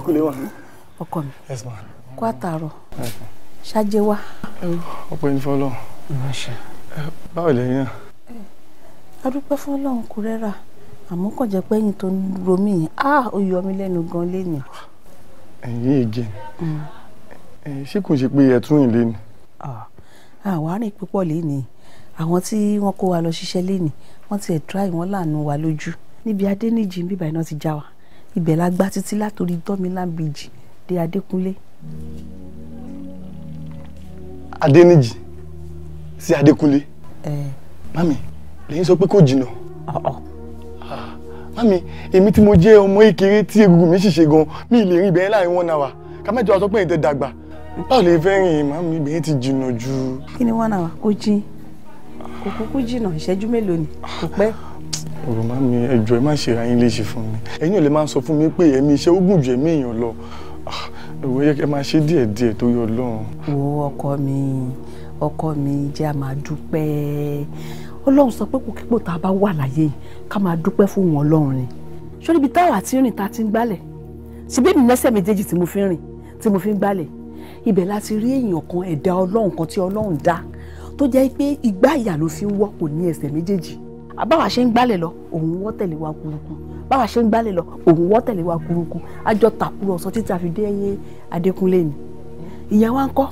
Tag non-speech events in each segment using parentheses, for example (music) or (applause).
ẹkú lè wà. ọkọ mi kó àtàrọ ṣáájẹ wá. ọpẹ́ ní fọlọ báwo lè yàn. a dúpẹ́ fún ọlọ́run kò rẹ́ra àmọ́ kàn jẹ́ pé ẹ̀yìn tó ń ro mí yẹn á ah, ó yọ mí lẹ́nu gan lénìí. ẹ̀yìn èjì mm. ṣé kò ṣe pé ẹ̀tún ìlé ni. àwárí ah. púpọ̀ lénìí àwọn tí wọ́n kó wa lọ ṣiṣẹ́ lénìí wọ́n ti ẹ̀ dry wọ́n láàánú wa lójú níbi adé níjì bíbá iná ti já wa ibẹ̀ la gbá títí látòrí dọ́mìlábìjì dé adékúnlé. adéníjì sí adékúnlé. mami lẹ́yìn sọ pé kò jìnnà. Ah, mami èmi tí mo jẹ́ ọmọ ìkéré tí egungun mi ṣìṣe gan mi ì lè rìn ibẹ̀ láàrin one hour ká mẹ́jọ sọ pé èyí tẹ dàgbà báwo lè fẹ́ rìn mami ibẹ̀ ti jìnnà jù. kí ni one hour kò jìn kò kúkú jìnnà ìṣẹ́jú mélòó ni kò pẹ́ ọ̀rọ̀ má mi ẹjọ́ ẹ má ṣe ra yín léṣe fún mi ẹ̀yin ò lè máa sọ fún mi pé ẹ̀mí iṣẹ́ ó gùn ju ẹ̀mí èèyàn lọ ìwọ ah, yẹ kẹ máa ṣe díẹ̀ díẹ̀ tó yọ lọ́run. wo ọkọ mi ọkọ mi jẹ́ a máa dúpẹ́ ọlọ́run sọ pé kòkípò tá a bá wà láyé ká máa dúpẹ́ fún wọn ọlọ́run ni ṣó níbi táwa ti rìn ta ti ń gbálẹ̀ síbí èmi lẹ́sẹ̀ méjèèjì tí mo fi rìn tí mo fi ń gbálẹ̀ ibẹ̀ la ti rí èèyàn kan ẹ̀dá ọlọ́run kan tí ọlọ́run dá tó jẹ́ pé igbá ìyà ló fi ń wọ́ kò ní ẹsẹ̀ méjèèjì báwa ṣe ń gbálẹ̀ lọ òun wọ́ tẹ̀lé wa kúrukú báwa ṣe ń gbálẹ̀ lọ òun wọ́ tẹ̀lé wa kúrukú àjọ tàkúrọ̀sọ títí a fi dé ẹyẹ Adékúnlé ni ìyẹn wá ń kọ́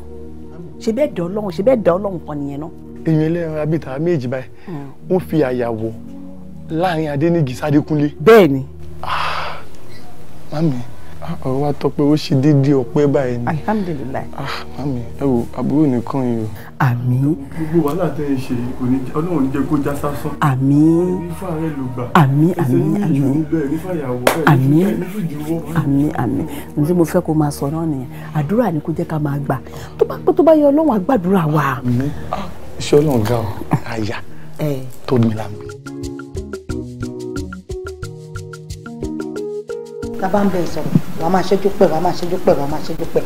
ṣe bẹ́ẹ̀ dẹ́ ọlọ́run ṣe bẹ́ẹ̀ dẹ́ ọlọ́run kan nìyẹn náà. èèyàn ẹlẹ́ran abíta méjì báyìí hmm. wọ́n fi àyàwọ̀ láàrin Adéníjì sádékúnlé. bẹ́ẹ̀ ni. Ah, mami ọ̀rọ̀ wa tọpẹ́ ó ṣe déédéé ọpẹ́ báyìí ni. alhamdulilayi. ah mami ẹ wo àbúrò nìkan yìí o. àmín. gbogbo wàhálà tẹ́ ẹ ṣe ọlọ́run ò ní jẹ́ kó já sásán. àmín. nífà rẹ ló gbà. àmín àmín àmín. àmín àmín àmín. n tí mo fẹ́ kó máa sọ náà nìyẹn àdúrà ni kó jẹ́ ká máa gbà tó bá pẹ́ tó bá yẹ ọlọ́run á gbàdúrà wa. Ah, ṣé ọlọ́run ga ọ àyà tó mi là ń tá ń bẹ sọ̀rọ̀ wàá máa ṣẹ́jú pẹ̀ wàá máa ṣẹ́jú pẹ̀ wàá máa ṣẹ́jú pẹ̀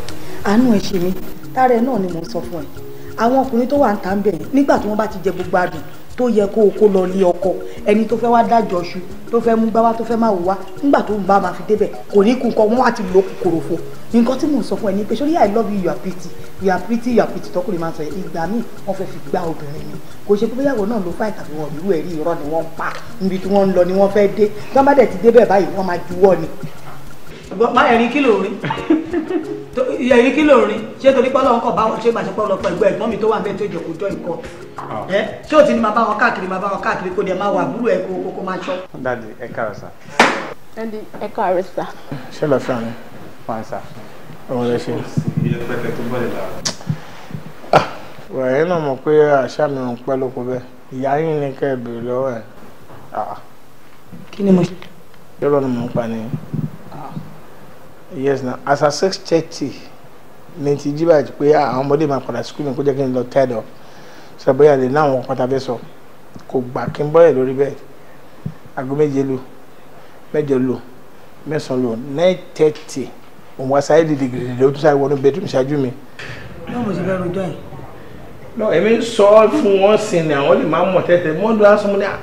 àánú ẹ ṣe mí tára ẹ náà ni mò sọ fún ẹ àwọn ọkùnrin tó wà ń ta ń bẹ̀ yẹn nígbà tí wọ́n bá ti jẹ gbogbo adùn tó yẹ kó o kó lọ lé ọkọ ẹni tó fẹ́ wá dájọ́ ṣu tó fẹ́ mú gbáwá tó fẹ́ máa wò wá nígbà tó ń bá máa fi débẹ̀ kò ní kú nǹkan wọn á ti lo kòkòrò fo nǹkan tí mò ń sọ fún ẹ ní pé sórí i love you you are pretty you are pretty you are pretty tọkùnrin máa ń sọ yẹn ìgbà míì wọ́n fẹ́ fi gbá obìnrin ni kò ṣe pé bóyáwó náà ló fáì tàbí wọn ìlú ẹ̀rí irọ́ ni wọ́n pa níbi tí wọ́n ń lọ ni wọ́n fẹ́ dé tí wọ́n bá dẹ̀ ti débẹ̀ báyìí wọ́n máa juwọ́ ni ma ẹ̀rín kí ló rin (laughs) ẹ̀rín kí ló rin ṣé torí pọ́lọ́ ọkọ̀ báwọn ṣé màṣẹ pọ́lọ́ ọkọ̀ ẹgbẹ́ ẹ̀gbọ́n mi tó wà bẹ́ẹ̀ tó jẹ kó jọ ìkọ́ ah. ẹ ṣé ò ti ní máa bá wọn káàkiri máa bá wọn káàkiri kó dẹ̀ máa wà búrú ẹ̀ kó kó máa ṣọ́. dadi ẹ káàárọ̀ sá. dadi ẹ káàárọ̀ sá. ṣé lọ fún mi. fún sá. ọmọ rẹ ṣe. Ah, wẹ̀rẹ̀ náà mọ̀ pé àṣà mi ń pẹ́ lóko bẹ́ẹ̀ ìyá yín ni kẹ́ ẹ bèrè lọ́wọ́ ẹ̀. Ah, kí ni mo ṣe. yọ̀rọ̀ ni mò ń pa ni yes na as at six thirty ní ti jí báyìí pé ah, àwọn ọmọdé máa padà sukùl mi kó jẹ́ kí n lọ tied up sọ bóyá lè láwọn pátá fẹ́ sọ kò gbà kí n bọ́yẹ̀ lórí bẹ́ẹ̀ aago méje lu mẹ́jọ lu mẹ́sàn-án lu nine thirty òun wá sáyé dìde gìrìdìdì ó tún sáré wọnú bedroom ṣáájú mi. náà mo ti bẹ́ẹ̀ rojọ́ yìí. náà èmi sọ ọ́ fún wọn sin ni àwọn lè máa mọ̀ tẹ́tẹ́ mọ́tò aṣọ mo ní ah,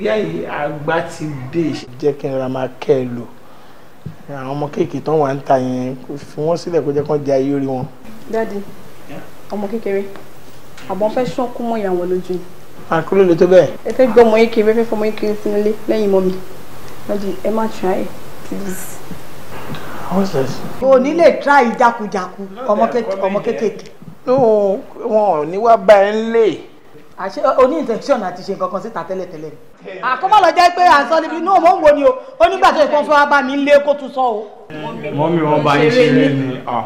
ìyá yìí àgbà ti dé. jẹ́ kí n ra máa kẹ́ ẹ lò àwọn ọmọ kéèké tán wà ń ta yẹn kò fi wọ́n sílẹ̀ kó jẹ́ kán jẹ ayé orí wọn. dáàdi ọmọ kékeré àbọ̀ fẹ́ ṣọ́kú mọ́ ìyàwó lójú ni. àkúrò lè tó bẹ́ẹ̀. ẹ fẹ́ gbọ́ ọmọ yín kiri ẹ fẹ́ fọmọ yín kiri sínú ilé lẹ́yìn mọ́ mi dáàdi ẹ má try it please. o ní lè try jákujáku ọmọ kékeré. wọn ò ní wá bá ẹ ń lè. àṣé o ní intention àti ṣe nǹkan kan síta tẹ́lẹ̀tẹ́lẹ̀ ni àkọ́mọ́ ah, lọ jẹ́ pé à ń sọ níbi inú òun wo ni o ó nígbà tó ìfọ́n fún wa bá mi lé kó tún sọ o. mọ́mí wọn bá yín ṣeré ni ah.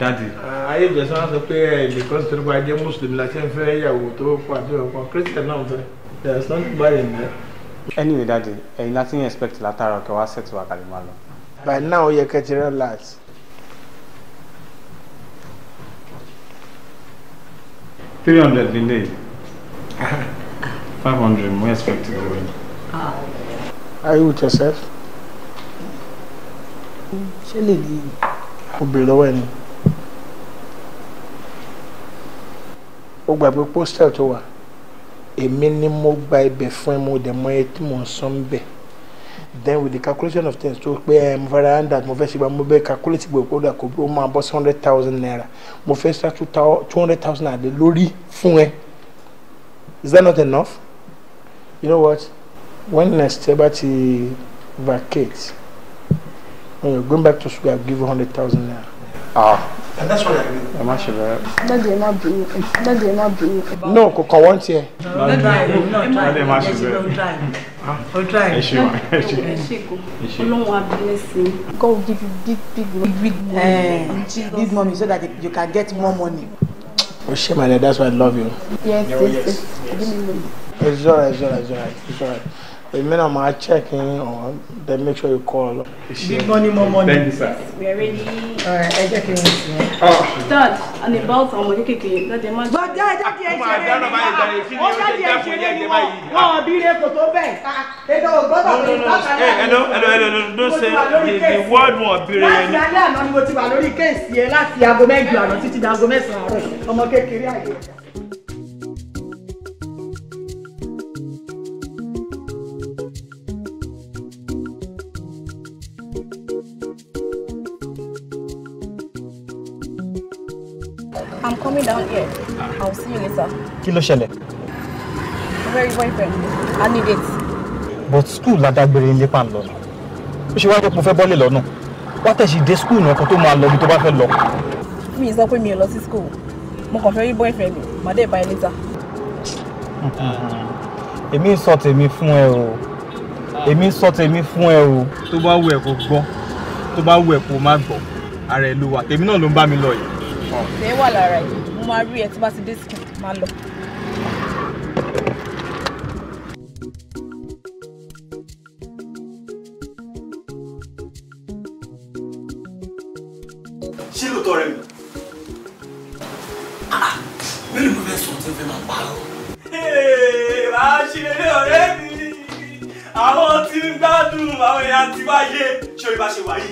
dadi. Ah, ayé ìjẹsán á sọ pé nìkan eh, sì torípa jẹ́ mùsùlùmí la ṣe ń fẹ́ ìyàwó tó pàdé ọkàn kírísítẹ̀n náà fẹ́ there is nothing bad in anyway dadi ẹ̀yin láti ń expect látara ọ̀kẹ́ wá set àkàlẹ̀ máa lọ. by now ó yẹ kẹ́ ti relax. three hundred lè lè. (laughs) 500, we expect to win. Ah. Are you with yourself? Ṣé lè di below any? ẹni? Ó gbàgbé postel to wà. Èmi ni mo gba ibẹ̀ fún mo dẹ̀ mọ ẹ tí mò ń Then with the calculation of things tó pé ẹ mo fara hand out mo fẹ́ ṣe gba mo bẹ calculate gbogbo kódà kò bí ó máa bọ́ sí hundred thousand naira. Mo fẹ́ start two hundred thousand naira lórí fún ẹ. Is that not enough? you know what when next ẹ bá ti vacate when you're going back to school i give you hundred thousand naira. ah and that's what i mean. ẹ má ṣe bẹ́ẹ̀. dadi ẹ má bínú dadi ẹ má bínú. no kò kàn wọ́n tiẹ̀. dadi ẹ má ṣe bẹ́ẹ̀. Ah. ẹ ṣe wa ẹ ṣe olóhùn abilẹ̀sìn. God will give you big big big big money. Eh, big money so that you can get more money. o oh, ṣe my dear that's why i love you. yes yes yes. yes. yes. It's all right, it's all right, it's all right. It's all right. Èmi náà máa check make sure you call. Big money, more money. Thank you, sir. We are ready. All right, ẹ jẹ́ kí n sìn. Dad, and about ọmọ kékeré, dad, ẹ máa. Gbọ́ dá ẹjọ́ di ẹ̀ṣẹ̀ rẹ̀ ni wọ́n. Ó dájú ẹ̀ṣẹ̀ rẹ̀ ni wọ́n. Wọ́n I'm going to kò it. bẹ́ẹ̀. Èdè ògbọ́dọ̀ mi lọ́kàn náà. Hello, hello, hello, no say the word wọ́n bí ire yẹn. Láti alẹ́ àná ni mo ti wà lórí kéèsì yẹn láti aago mẹ́jọ àná títí di aago mẹ́sàn I'm going to kékeré it. down here. I'll see you later. Kí ló ṣẹlẹ̀? Very boyfriend. I need it. But school la dágbére ilé pa ń lọ. Ó ṣe wá jẹ́ pé mo fẹ́ bọ́lẹ̀ lọ́nà. Wá tẹ̀sí dé school náà kan tó máa lọ ibi tó bá fẹ́ lọ. Mi sọ pé mi ò lọ school. Mo kàn fẹ́ rí boyfriend mi. Màá dé bá ẹ later. Mm-hmm. Èmi ń sọ mi fún ẹ o. Èmi ń sọ tèmi fún ẹ o. Tó bá wù ẹ́ kó gbọ́. Tó bá wù ẹ́ kó má gbọ́. Ara ẹ̀ ló wà. Tèmi náà ló ń bá mi lọ yìí. Ṣé wà lára yìí? mo máa rí ẹ tí bá ti dé skin máa lọ. ṣé lóòótọ́ rẹ mi? Ah, mélòó ló fẹ́ sọ̀rọ̀ tí ó fẹ́ máa parọ́? màá ṣe eré ọ̀rẹ́ mi àwọn tí ń wáyé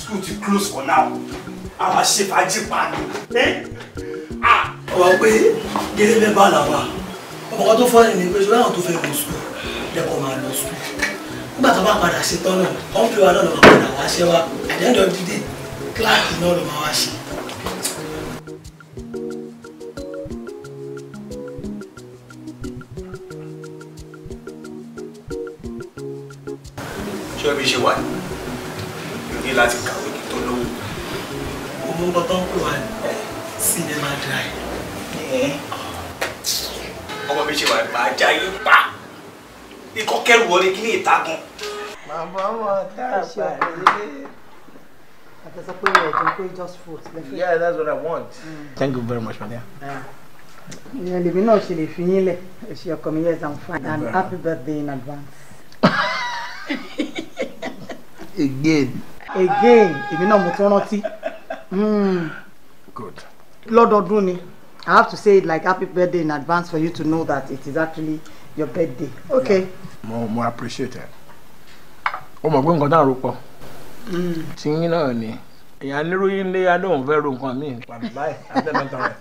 school ti close for now àwọn aṣèfàjì pa ni. Eh? ọ̀rọ̀ pé gẹ́gẹ́ bẹ́ẹ̀ bá làwà ọkọ̀ tó fọ́ ẹni pé ṣọlá àwọn tó fẹ́ lọ sùn lẹ́kọ̀ọ́ máa lọ sùn nígbà tó bá padà sí tọ́nà wọ́n fi wa náà lọ́mọ padà wá ṣẹ́ wa at the end kíláàkì náà ló máa wá ṣe. ṣé ibi ṣe wà ní ní láti kàwé tó lówó. òun bọ́tọ́ ń pè wá ní eh, drive ọmọ mi ṣe wà máa já pa ikọ́ kẹrù wọlé kí ní ìtagun. màmá wọn dáàbà ilé. That's a way of doing just fruit. Yeah, that's what I want. Mm. Thank you very much, my dear. Yeah. Yeah, lèmi náà ṣe lè fi yín lẹ̀ ṣe ọkọ mi yes I'm fine and happy birthday in advance. (laughs) again. again èmi náà mo tún rántí. Mm. good. lọ́dọọdún ni. I have to say it like happy birthday in advance for you to know that it is actually your birthday. Okay. Mo mo appreciate it. O mọ̀ pé nǹkan tá à ń ropọ̀. Mm. Tí yín náà ni. Èèyàn níròyìn lé adóhùn fẹ́ ro nǹkan míì. Bàbáì àtẹnudọ́ rẹ̀.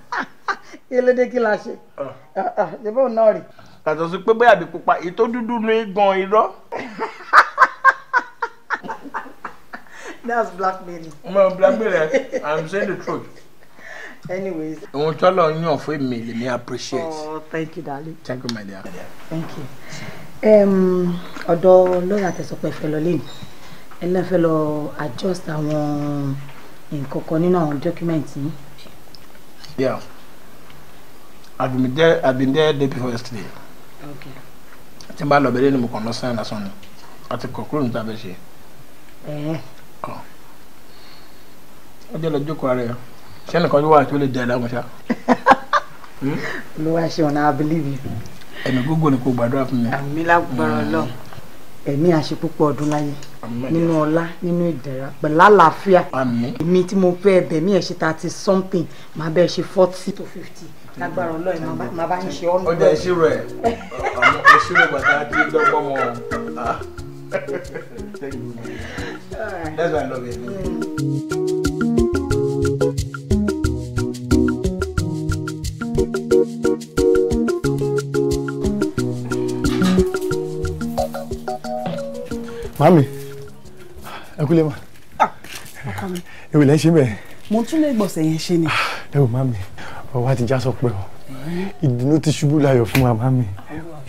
Elédè kí la ṣe? Ah, ah, ṣé bóun náà rí? Yàtọ̀ sí pé bóyá àbí pupa ètò dúdú ní gan irọ́. (laughs) That's blackmailing. Mo blackmailing. I'm saying the truth anyways. ohun tó lọ yàn fún mi lè mi appreciate. oh thank you darling. thank you my dear. thank you. ọ̀dọ̀ lọ́ọ̀yà tẹ̀sán pé fẹ́ lọ lẹ́nu ẹ lẹ́ fẹ́ lọ adjust àwọn nǹkan kan nínú àwọn document yìí. yeah I've been there i been there day before yesterday. okay. tí n bá lọ bẹ̀rẹ̀ ni mo kàn lọ sáyẹn lásán ni àti kọ̀ọ̀kúrò níta bẹ́ẹ̀ ṣe. ẹ̀ẹ́. ọjọ́ lọ jókòó ara yẹn sẹ́ni kan ló wà tó lè dẹ̀ láwọn ṣá. olúwa ṣeun náà i believe you. ẹ̀mí gbogbo ni kò gbàdúrà fún mi. àmì lágbára mm. Ọlọ́run ẹ̀mí àṣepúpọ̀ ọdún láyé nínú ọlá nínú ìdẹ̀ra pẹ̀lú àlàáfíà èmi tí mo fẹ́ ẹbẹ̀ mí ẹ̀ ṣe thirty something máa bẹ́ẹ̀ ṣe forty to fifty lágbára Ọlọ́run máa bá ń ṣe ọ́nà. ọjà ìṣirò ẹ ìṣirò bàtà àti ìdọ́gbọ́n mọ́ ọ. Ah. (laughs) That's why I love you. Mm. Màmí, ẹ kú lé ma. Ah, ọkọ mi. Ewì lẹ́ ń ṣe bẹ́ẹ̀. Mo tún lè gbọ̀sẹ̀ yẹn ṣe ni. Ẹ ah, wò màmí, ọ̀rọ̀ wa ti já sọ pé o. Ìdùnnú ti ṣubú láyọ̀ fún wa màmí.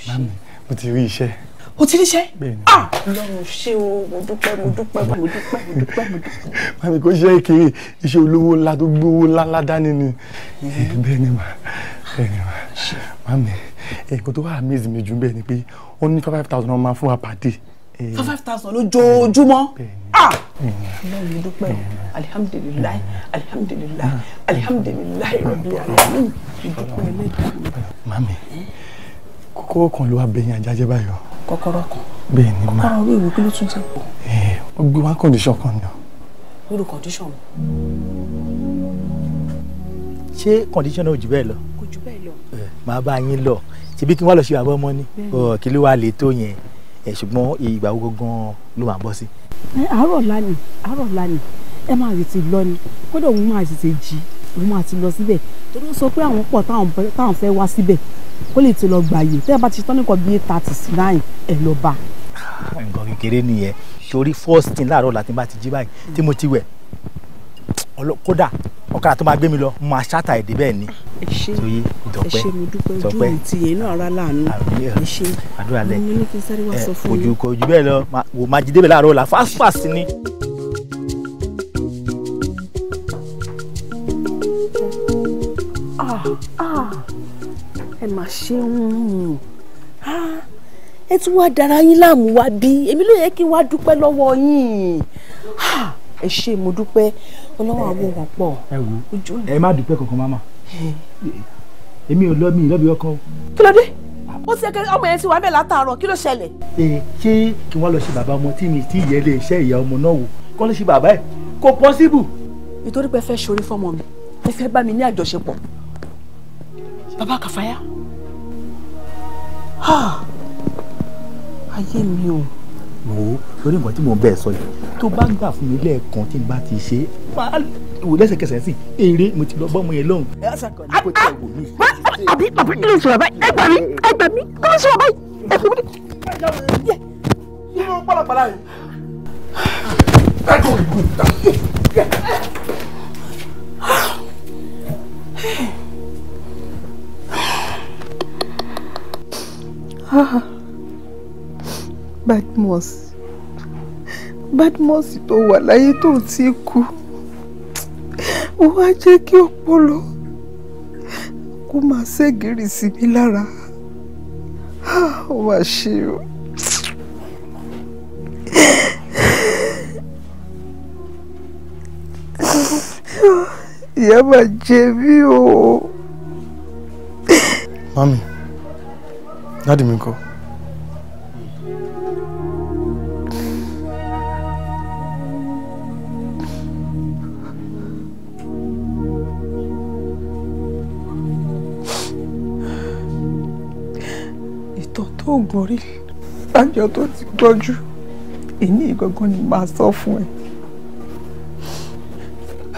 Màmí, mo ti rí iṣẹ́. O ti ríṣẹ́? Bẹ́ẹ̀ni. Ah, Ọlọ́run ṣé o, mo dúpẹ́, mo dúpẹ́, mo dúpẹ́, mo dúpẹ́, mo dúpẹ́. Màmí kò ṣe kéré, iṣẹ́ olówó ńlá tó gbówó ńlá ńlá dání ni. Bẹ́ẹ̀ni ma, bẹ́ẹ̀ni ma. Màmí, ẹ̀kọ́ tó wà amaze mi jù bẹ́ẹ̀ ni pé ó ní five thousand ọmọ fún wa pàdé. Eh. five five thousand lójoojúmọ́ ah ọlọ́run yìí dúpẹ́ alihamudulilayi alihamudulilayi alihamudulilayi ah. rabi alamin ìdúpẹ́ ẹlẹ́dàá. mami eh? kókó kan ló wá bẹ̀yìn ajá jẹ́ báyọ̀. kọ́kọ́rọ́ kan bẹ́ẹ̀ ni ma kọ́kọ́rọ́ orí ìwé kí ló tún ti pọ̀. ẹ ọ gbé wá kọ́ndíṣọ̀n kan ni o. irú kọ́ndíṣọ̀n mi. ṣé kọ́ndíṣọ̀n náà ò jù bẹ́ẹ̀ lọ. kò jù bẹ́ẹ̀ lọ. Eh, màá bá yín lọ ṣebí kí wọ́n lọ ṣe àbọ̀ ọmọ kí ló wà lè tó yẹn ẹ ṣùgbọ́n ìgbà wo gangan ló máa bọ́ sí. àárọ̀ lánìí àárọ̀ lánìí ẹ máa tètè lọ ni kódà òun máa tètè jí òun máa ti lọ síbẹ̀ torí ó sọ pé àwọn pọ̀ táwọn fẹ́ wá síbẹ̀ kó lè ti lọ gbàyè tẹ́ ẹ bá ti tán nìkan bíi thirty nine ẹ̀ lọ bá. nǹkan kékeré nìyẹn torí first thing láàárọ̀ làtí bá ti jí báyìí tí mo ti wẹ̀ kódà ọ̀kadà tó máa gbé mi lọ mo máa ṣáàtà èdè bẹ́ẹ̀ ni. ẹ ṣé ẹ ṣé mo dúpẹ́ ojú mi ti yẹn náà rà láàánú ẹ mo ní kí sáré wá sọ fún yín. kò jù bẹ́ẹ̀ lọ wò máa jí débẹ̀ láàárọ̀ ọ̀la fásfàs ni. Ah, ah. ẹ mà ṣe ń ah, ẹ tún wá dára yín láàmú wá bí èmi ló yẹ kí n wá dúpẹ́ lọ́wọ́ yín ẹ mo dúpẹ́ ọlọ́wọ́ àwọn wọn pọ̀. ẹ wo ẹ má dúpẹ́ kankan máma èmi ò lọ mi ìlọ́bi ọkọ. kí ló dé ó ti ẹkẹ ọmọ yẹn ti wà bẹ́ẹ̀ látàárọ̀ kí ló ṣẹlẹ̀. ee ṣé kí wọ́n lọ ṣe bàbá ọmọ tí mi ti yẹ lé iṣẹ́ ìyá ọmọ náà wò kí wọ́n lọ ṣe bàbá ẹ̀ kò pọ́síbù. nítorí pé ẹ fẹ́ ṣoore fọmọ mi ẹ fẹ́ bá mi ní àjọṣepọ̀ bàbá kàfáyà ah! ayé mi o wò ó torí nǹkan tí mò ń bẹ̀ sọ yìí tó bá gbà fún mi lẹ́ẹ̀kan tí n bá ti ṣe máa wò lẹ́sẹ̀kẹsẹ̀ sí eré mo ti lọ bọ́mọ yẹn lọ́hùn. àbí àbí kí ló ń sọ̀rọ̀ báyìí ẹ gbà mí ẹ gbà mí kí ló ń sọ̀rọ̀ báyìí ẹ gbà mí. nínú pàlàpàlà yìí. ẹ kò rí kú ta. Badmus Badmus tó wà láyé tó ti kú ó wá jẹ́ kí ọpọlọ kó máa ṣègìrì sí mi lára ó wá ṣe o. ìyá máa jẹ mí o. mami dáàdi mi kọ́. tó gbórí lájọ tó ti gbọ́jú èmi ìgangan ni màá sọ fún ẹ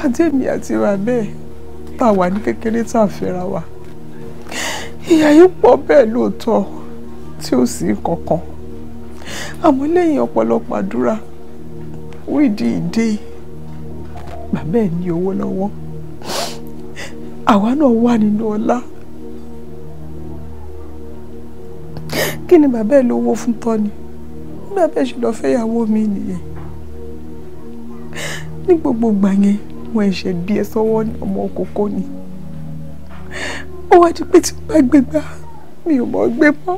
àti èmi àti ra bẹ́ẹ̀ tá a wà ní kékeré tá a fẹ́ra wa ìyà yìí pọ̀ bẹ́ẹ̀ lóòótọ́ tí ó sì kankan àmọ́ lẹ́yìn ọ̀pọ̀lọpọ̀ àdúrà wíìdì ìdè bàbá ẹ̀ ní owó lọ́wọ́ àwa náà wà nínú ọlá. kí ni bàbá ẹ lówó fún tọ́ni nígbà bẹ́ẹ̀ ṣe lọ́ọ́ fẹ́yàwó mi nìyẹn ní gbogbo ìgbà yẹn wọn ẹ̀ṣẹ̀ díẹ̀ sọ́wọ́ ọmọ òkókó ni ó wá di pé tí n bá gbé gbá mi ò mọ̀ gbé mọ́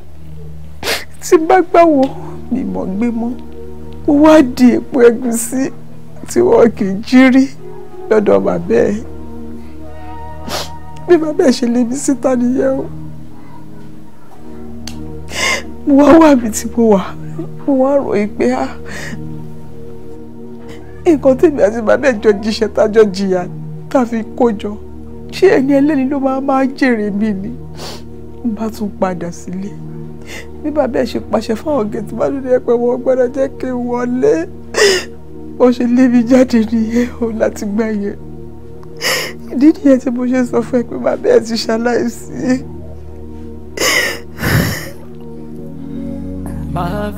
tí n bá gbá wọ̀ mi mọ̀ gbé mọ́ ó wá di èpo ẹ̀gúsí tí wọn kì í jí rí lọ́dọ̀ bàbá ẹ̀ bí bàbá ẹ̀ ṣe lé mi síta nìyẹn o mo wá wà bí tí mo wà mo wá rò yí pé á ah, nǹkan tèmi àti bàbá ẹjọ jíṣẹ́ tájọ jìyà tá a fi kó jọ ṣé ẹni ẹlẹ́ni ló máa máa jèrè mi ni n bá tún padà sílé bí bàbá ẹ ṣe pàṣẹ fáwọn gẹ̀ẹ́tì bá lóde ẹpẹ wọn gbọ́dọ̀ jẹ́ kí n wọlé bó ṣe lé mi jáde nìyẹn o láti gbẹ̀yẹ ìdí nìyẹn tí mo ṣe sọ fún ẹ pé bàbá ẹ ti ṣaláìsí.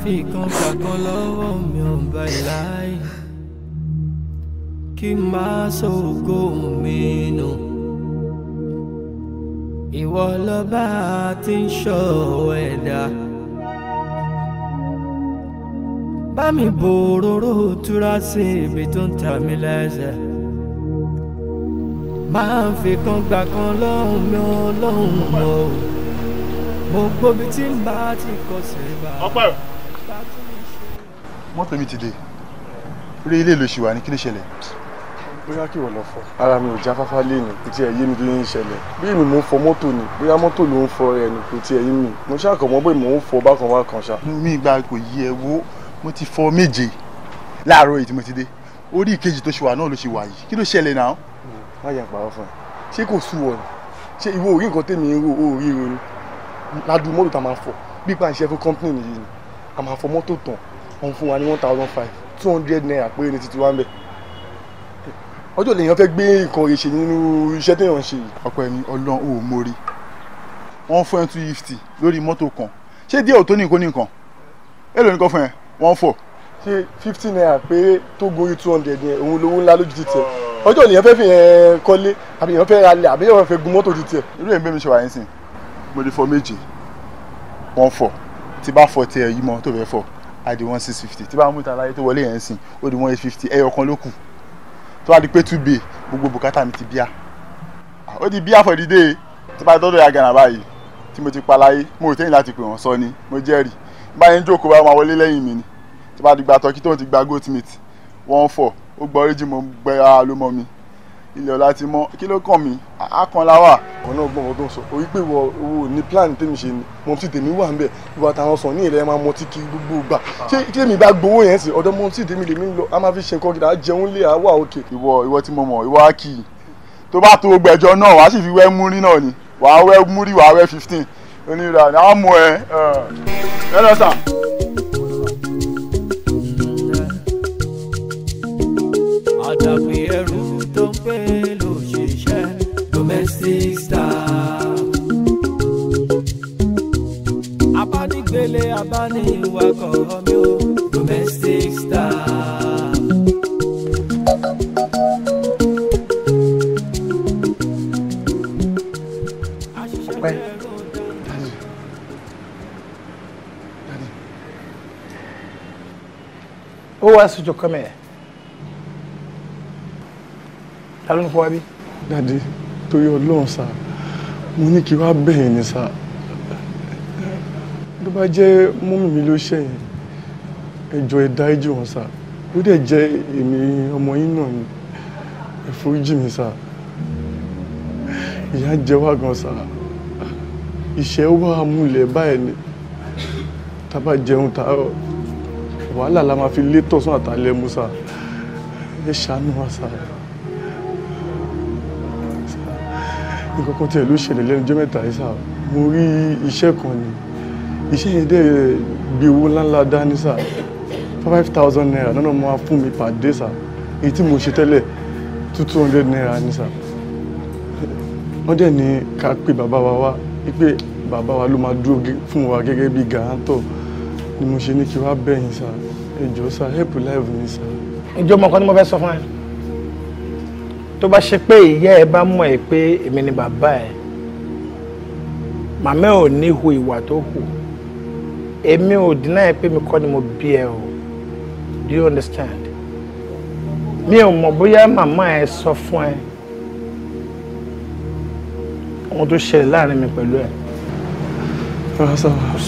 fi kan kàkan lọ́wọ́ mi ò bá kí n máa mi nù. ìwọ lọ́ba tí ń ṣọ́ ẹ̀dá. bá mi bo òróró túra sí ibi tó ń ta mí lẹ́sẹ̀. máa ń fi kan gbà kan lọ́hùn mi ò mọ́ mo gbóbi tí n bá ti kọ̀ sí ibà. ọpẹ́ mọ́tò mi ti dé orí ilé ìlú ìṣìwà ni kí ló ṣẹlẹ̀. bóyá kí wọ́n lọ fọ ara mi ò já fáfá lé ní kò tiẹ̀ yé mi kí ń ṣẹlẹ̀ bí èmi mò ń fọ mọ́tò ni bóyá mọ́tò ló ń fọ ẹ̀ ní kò tiẹ̀ yé mi mo ṣàkọ̀ mọ́ bóyá mò ń fọ bákan bákan ṣá. mi gba kò yí ẹ wo mo ti fọ méje láàárọ̀ èyí tí mo ti dé orí ìkejì tó ṣe wà náà ló ṣe wà yìí kí ló ṣẹlẹ̀ náà. má yà pàrọ̀ fún ẹ ṣé kò sú ọ ni ṣé ìwọ orí nǹkan tèmi ń rò ó rí a máa fọ bí wọ́n fún wa ní one thousand five two hundred naira pé ní títí wá ń bẹ̀ ọjọ́ lèèyàn fẹ́ gbé nǹkan ìṣe nínú iṣẹ́ téèyàn ń ṣe yìí. ọkọ ẹni Ọlọ́run ò mórí wọ́n fún ẹ two fifty lórí mọ́tò kan ṣé díẹ̀ ò tó ní nǹkan ní nǹkan èlò nìkan fún ẹ one four. ṣe fifty naira pé tó gorí two hundred yẹn òun lówó ńlá lójú ti tiẹ̀ ọjọ́ lèèyàn fẹ́ fi yẹn kọ́lé àbí èèyàn fẹ́ ralẹ̀ àbí èèyàn fẹ́ gun mọ́tò ti tiẹ̀. irú èmi bẹ́ẹ̀ mi ṣe wà yẹn sìn mo lè fọ méje one four tí bá fọ tiẹ̀ yìí mọ́ tó fẹ́ fọ́ a di one six fifty tí bá mú ìta láyé tó wọlé yẹn sìn ó di one eight fifty ẹyọ kan ló kù tó wá di pé two B. gbogbo bukata mi ti bíà ah, ó di bíà for the day tó bá dọ́dọ̀ ya gànà báyìí tí mo ti pa láyé mo ò tẹ́yìn láti pè wọ́n sọ ni mo jẹ́rìí báyìí ń jókòó báyìí máa wọlé lẹ́yìn mi ni tó bá di gba tọ́kí tó ti gba goat meat one four ó gbọ́ oríjì mo gbẹ́ ara ló mọ́ mi ilẹ̀ ọ̀la ti mọ kí ló kàn mí àkànlá wà. wọn náà ọdún sọ orí pé ìwọ owó ní plan tèmi ṣe ni mo ti tèmi wà nbẹ ìwà táwọn sọ ní ilẹ̀ ẹ̀ máa mọ tí gbogbo gbà ṣé tèmi bá gbowó yẹn sí ọ̀dọ̀ mo ti tèmi lèmi lọ a máa fi ṣe nǹkan kìlá jẹun lé àwọ̀ òkè. ìwọ ìwọ tí mo mọ ìwọ á kì í tó bá tó gbẹjọ náà wàá sì fi wẹ́ múrí náà ni wàá wẹ́ múrí wàá wẹ́ fifteen onírà ló ń pè lóṣìṣẹ́ domestic staff. abánigbélé abániwakọ̀ mi ò domestic staff. Who wants you to come here? ta ló ní kó wá bí. dadi torí ọlọ́run sá mo ní kí wá bẹ̀yìn ni sá ló bá jẹ́ mọ́mì mi ló ṣẹ̀yìn ẹjọ́ ẹ dáríjì wọn sá ó dẹ̀ jẹ́ èmi ọmọ yín náà ni ẹ foríjì mi sá ìyà jẹ wá gan sá ìṣẹ́ wà múlẹ̀ báyìí ni tá bá jẹun tàárọ̀ wàhálà la máa fi lé tọ̀sán àtàlẹ́ mu sá ẹ ṣàánú wa sá. nǹkan kan tiẹ̀ ló ṣẹlẹ̀ lẹ́nu ọjọ́ mẹ́ta yìí sá mo rí iṣẹ́ kan ni iṣẹ́ yẹn dẹ̀ gbé owó ńláńlá dání sá five thousand naira lọ́nà mo wá fún mi pàdé sá èyí tí mo ṣe tẹ́lẹ̀ two two hundred naira ni sá wọ́n dẹ̀ ní ká pe bàbá wa wá wípé bàbá wa ló máa dúró fún wa gẹ́gẹ́ bí gàáńtọ̀ ni mo ṣe ní kí wá bẹ̀yìn sá ẹjọ́ sá help life ni sá. ìjọ mọ̀ọ́kan ni mo fẹ́ sọ fún ẹ tó bá ṣe pé ìyá ẹ bá mọ̀ ẹ́ pé èmi ni bàbá ẹ màmá ẹ ò ní hu ìwà tó hù èmi ò dínà ẹ pé mi kọ́ ni mo bí ẹ o do you understand mi ò mọ̀ bóyá màmá ẹ sọ fún ẹ ohun tó ṣẹlẹ̀ láàrin mi pẹ̀lú ẹ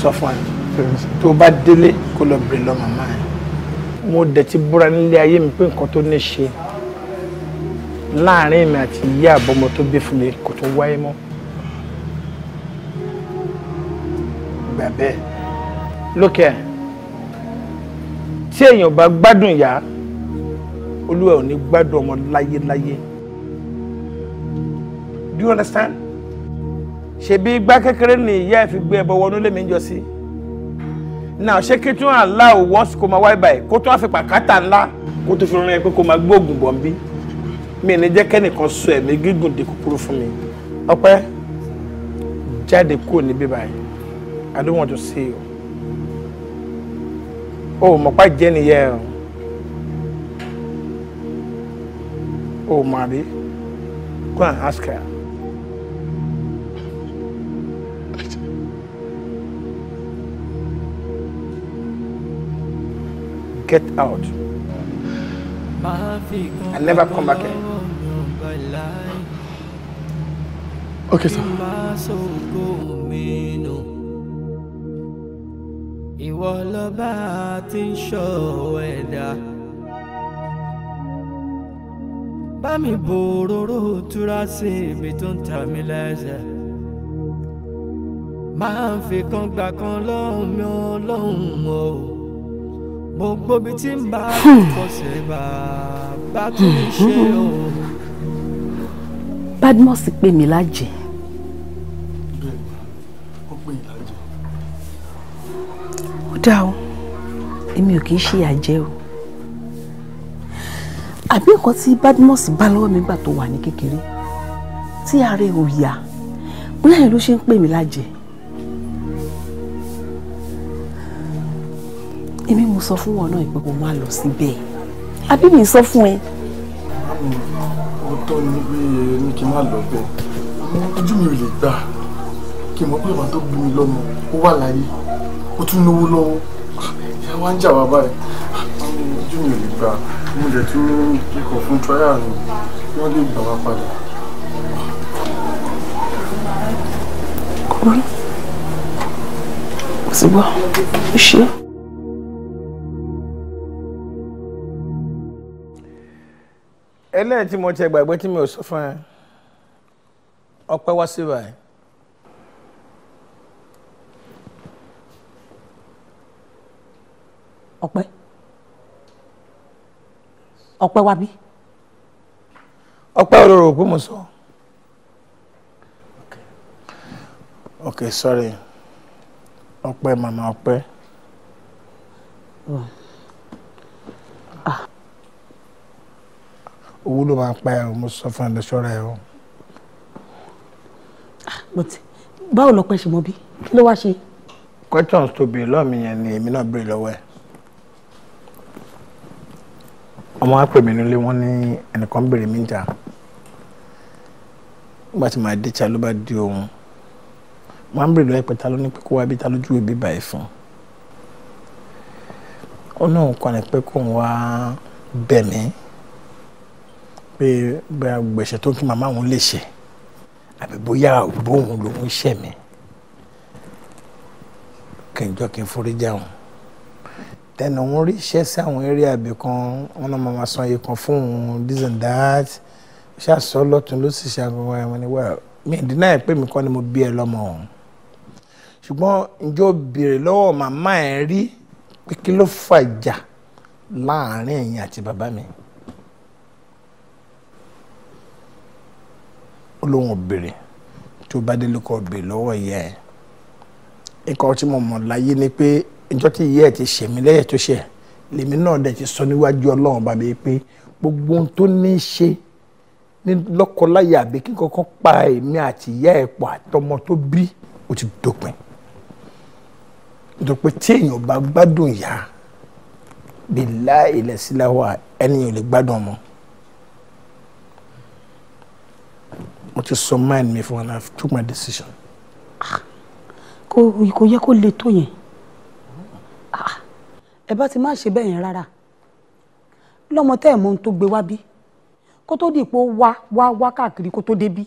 sọ fún ẹ tó bá délé kó lọ bèrè lọ màmá ẹ mo dẹ̀ ti búra nílé ayé mi pé nǹkan tó ní ṣe láàrin èmi àti ìyá àbọ̀mọ tó gbé fún mi kò tún wáyé mọ́ gbà bẹ́ẹ̀ lókè tí èèyàn bá gbádùn ìyá olúwa ò ní gbádùn ọmọ láyéláyé do you understand ṣebí igbá kékeré ni ìyá ẹ fi gbé ẹbọ wọnú lèmi ń jọ sí náà ṣé kí tún àlá òwò kó máa wáyé báyìí kó tún àfipà kátà ńlá kó tún fi rán ẹ pé kó máa gbóògùn bọ̀ ń bí mi ní jẹ́ kẹ́nìkan sọ ẹ̀mí gígùn di kúkúrú fún mi ọpẹ́ jáde kúrò níbí báyìí i don't want to see you o ò mọ̀pá jẹ́ nìyẹn o ò mọ̀ àbí go and ask her. Get out. I never come back again. Okay, sir. Ìwọ lọ́ba tí ń ibi tó ń ta mí lẹ́sẹ̀. Máa ń fi kan gbà kan lọ́hùn mi ọlọ́hùn o. Gbogbo ibi tí ń bá hmm. kọsẹ̀ bá bá tún ṣe o. Badmus pè mí lájẹ. bẹ́ẹ̀ni ó pè mí lájẹ. ó dáa o èmi ò kì í ṣe àjẹ́ o àbí nǹkan tí Badmus bá lọ́wọ́ mi gbà tó wà ní kékeré tí ààrẹ ò yá bóyá yẹn ló ṣe ń pè mí lájẹ. èmi mo sọ fún wọn náà pé kó má lọ síbẹ̀ àbí mi sọ fún ẹ tọ́ ni pé ní kí n má lọ bẹ́ẹ̀ àmọ́ ojú mi ò lè gbà kí n mọ̀ pé bàbá tó gbé mi lọ́mọ ó wà láyé ó tún lówó lọ́wọ́ ìyá wa ń jà wá báyìí ojú mi ò lè gbà mo lè tún kíkọ̀ fún tíráyà ni wọ́n lè gbà wá padà. kúrú kò sí gbọ́ ó ṣe é. eléyìí tí mo ti gbàgbé tí mi ò sọ fún ẹ ọpẹ́ wá sí báyìí. ọpẹ́ ọpẹ́ wá bí. ọpẹ́ olóró òkú mo sọ. ok sorry ọpẹ́ mama ọpẹ́. Mm. Ah owó ló máa ń pa ẹ o mo sọ fún ẹ lọ́sọ́ra ẹ o. Ah, bọ́tí báwo lọ́pẹ́ ṣe mọ bí kí ló wáá ṣe. questions tó béèrè lọ́ọ̀mì yẹn ni èmi náà béèrè lọ́wọ́ ẹ̀. ọmọ wa pè mí nílé wọn ní ẹnìkan ń mí jà nígbà tí màá dẹ́cha ló bá di òun màá ń lọ́wọ́ ẹ̀pẹ̀ta ló ní pé kó wá bí ta lójú ìbí báyìí fún ó náà kọ́ ni pé kóun wá bẹ̀ mí pé bóyá gbèsè tó kí màmá òun lè ṣe àbí bóyá òbóhùn lòún ṣẹ̀ mí kí n jọ kí n forí jáwọn tẹnu òun rí iṣẹ́ sí àwọn eré àbí kan wọn náà máa san iye kan fún òun this and that ṣàṣọ lọ́tún ló sì ṣàgbọ́n ẹ̀wọ̀n ni well mi ìdínà ẹ̀ pé mi kọ́ ni mo bí ẹ lọ́mọ ọ̀hún ṣùgbọ́n njó béèrè lọ́wọ́ màmá ẹ̀ rí pé kí ló fàjà láàárín ẹ̀yin àti bàbá mi. ó lóun ò béèrè tí ó bá délé kó béèrè lọ́wọ́ ìyá nǹkan tí mo mọ̀ láyé ni pé ìjọ tí ìyá ẹ̀ ti ṣèmí lẹ́yẹ̀ tó ṣẹ̀ lèmi náà dẹ̀ ti sọ níwájú ọlọ́run bàbá yìí pé gbogbo ohun tó ní í ṣe ní lọ́kọláya àbí kí kankan pa èmi àti ìyá ẹ̀ pọ̀ àtọmọ tó bí ó ti dópin nítorí tí èèyàn bá gbádùn ìyá bí láì ilẹ̀ síláwà ẹni ò lè gbádùn ọmọ. mo ti sọ mind mi fún and I took my decision. Ah, kò yẹ kó le tó yẹn ah, ẹ bá ti má ṣe bẹ́ẹ̀ yẹn rárá lọ́mọ tẹ́ ẹ̀ mọ́ ohun tó gbé wá bí kó tó dìpọ̀ wá wá wá káàkiri kó tó débí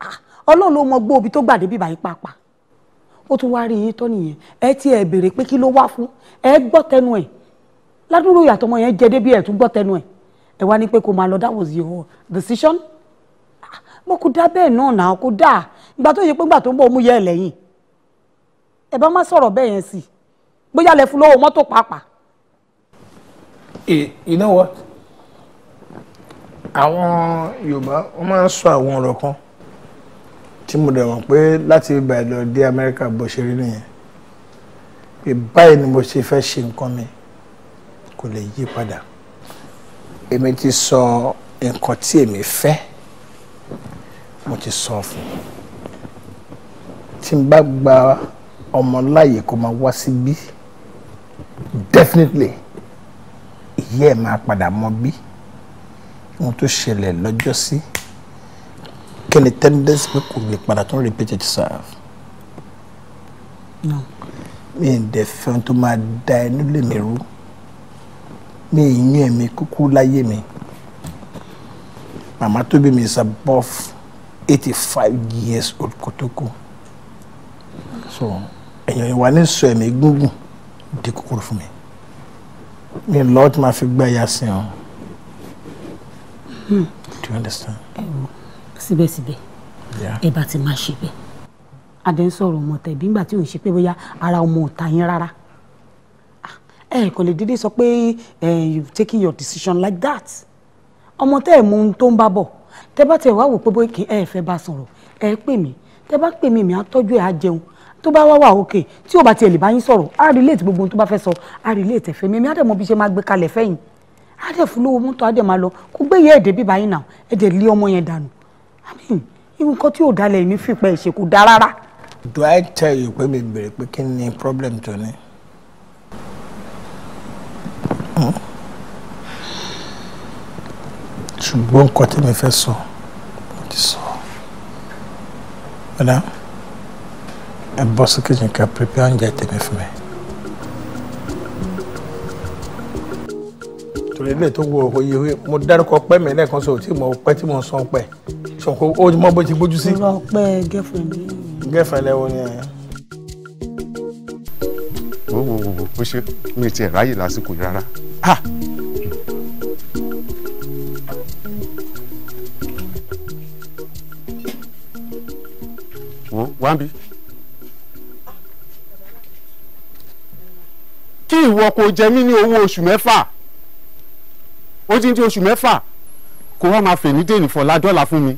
ah, ọlọ́run ló mọ gbó obi tó gbà débí báyìí pàápàá ó tún wáá rí iye tọ́ nìyẹn ẹ ti ẹ̀ béèrè pé kí ló wá fún ẹ gbọ́ tẹnu ẹ̀ ládùúgbò ìyàtọ̀ ọmọ yẹn jẹ débí ẹ̀ tún gbọ́ tẹnu ẹ̀ ẹ wá ní pé kó máa lọ that was your decision mo kò dá bẹ́ẹ̀ náà náà kò dáa ìgbà tó yẹ pé ìgbà tó ń bọ̀ mú yẹ ẹ lẹ́yìn ẹ bá má sọ̀rọ̀ bẹ́ẹ̀ yẹn sí bóyá lẹ fún lọ́wọ́ mọ́tò pàápàá. you know what àwọn Yorùbá wọn máa ń sọ àwọn ọ̀rọ̀ kan tí mo dẹ̀ mọ̀ pé láti ibà lọ dé Amẹ́ríkà bó ṣe rí nìyẹn pé báyìí ni mo ṣe fẹ́ ṣe nǹkan mi kò lè yí padà èmi ti sọ nǹkan tí èmi fẹ́ mo ti sọ fún tí n bá gba ọmọ láàyè kó máa wá síbí definitely ìyá ẹ̀ máa padà mọ bí ohun tó ṣẹlẹ̀ lọ́jọ́ sí kí ni tendency pé kò lè padà tún repeat itself. No. mi ì dẹ̀ fẹ́ tó máa da ẹnu lè mi rú mi ì yún ẹ̀mí kúkú láyé mi màmá tó mi is above. 85 years old Kotoko. so èèyàn ìwà ní sọ ẹ̀mí gúngùn di kúkúrú fún mi mi lọ́ọ́ máa fi gbá ẹ̀yà sí wọn hmm. do you understand. síbẹ̀síbẹ̀ ẹ bá ti máa ṣe bẹ́ẹ̀ adé ń sọ̀rọ̀ ọmọ tẹ̀bí nígbà tí ò ń ṣe pé bóyá ara ọmọ ò yín rárá ah, ẹ kò lè dédé sọ pé eh, you taking your decision like that ọmọ tẹ́ ẹ̀ mú un tó ń bá bọ̀ tẹ bá tiẹ̀ wá wò pé bóyá kì í ẹ fẹ́ bá sọ̀rọ̀ ẹ pè mí tẹ bá pè mí mi á tọ́jú ẹ̀ á jẹun tó bá wá wà òkè tí ò bá tiẹ̀ lè bá yín sọ̀rọ̀ á relate gbogbo ohun tó bá fẹ́ sọ á relate ẹ̀fẹ́ mi èmi á dẹ̀ mọ bí ṣe máa gbé kalẹ̀ fẹ́yìn á dẹ̀ fún lówó mọ́tò á dẹ̀ máa lọ kó gbé yẹ èdè bíbá yín náà ẹ lé ọmọ yẹn dànù irú nǹkan tí ò dalẹ̀ èmi fìpẹ́ ìṣe kò dá rárá. do I tell you pé mi bèrè pé kí ni problem tó ní. Hmm? ṣùgbọ́n nǹkan tí mi fẹ́ sọ mo ti sọ madam ẹ bọ́ sí kitchen ká prepare oúnjẹ tèmi fún mi. torí ilé tó wo òye mo dárúkọ pẹ́ mi lẹ́ẹ̀kan sọ tí mo pẹ́ tí mo ń san pẹ́ ṣọ̀kò ó mọ bó ti gbójú sí. mo lọ pẹ́ gẹ́fẹ̀ mi. gẹ́fẹ̀ lẹ́wọ̀ ni ẹ̀ wo wo wo bó ṣe mi ti ẹ̀ ráyè lásìkò yìí rárá. wò wá bí. kí ìwọ kò jẹ mí ní owó oṣù mẹ́fà ó ti ń di oṣù mẹ́fà kó wọ́n máa fèní dèní fọlá dọ́là fún mi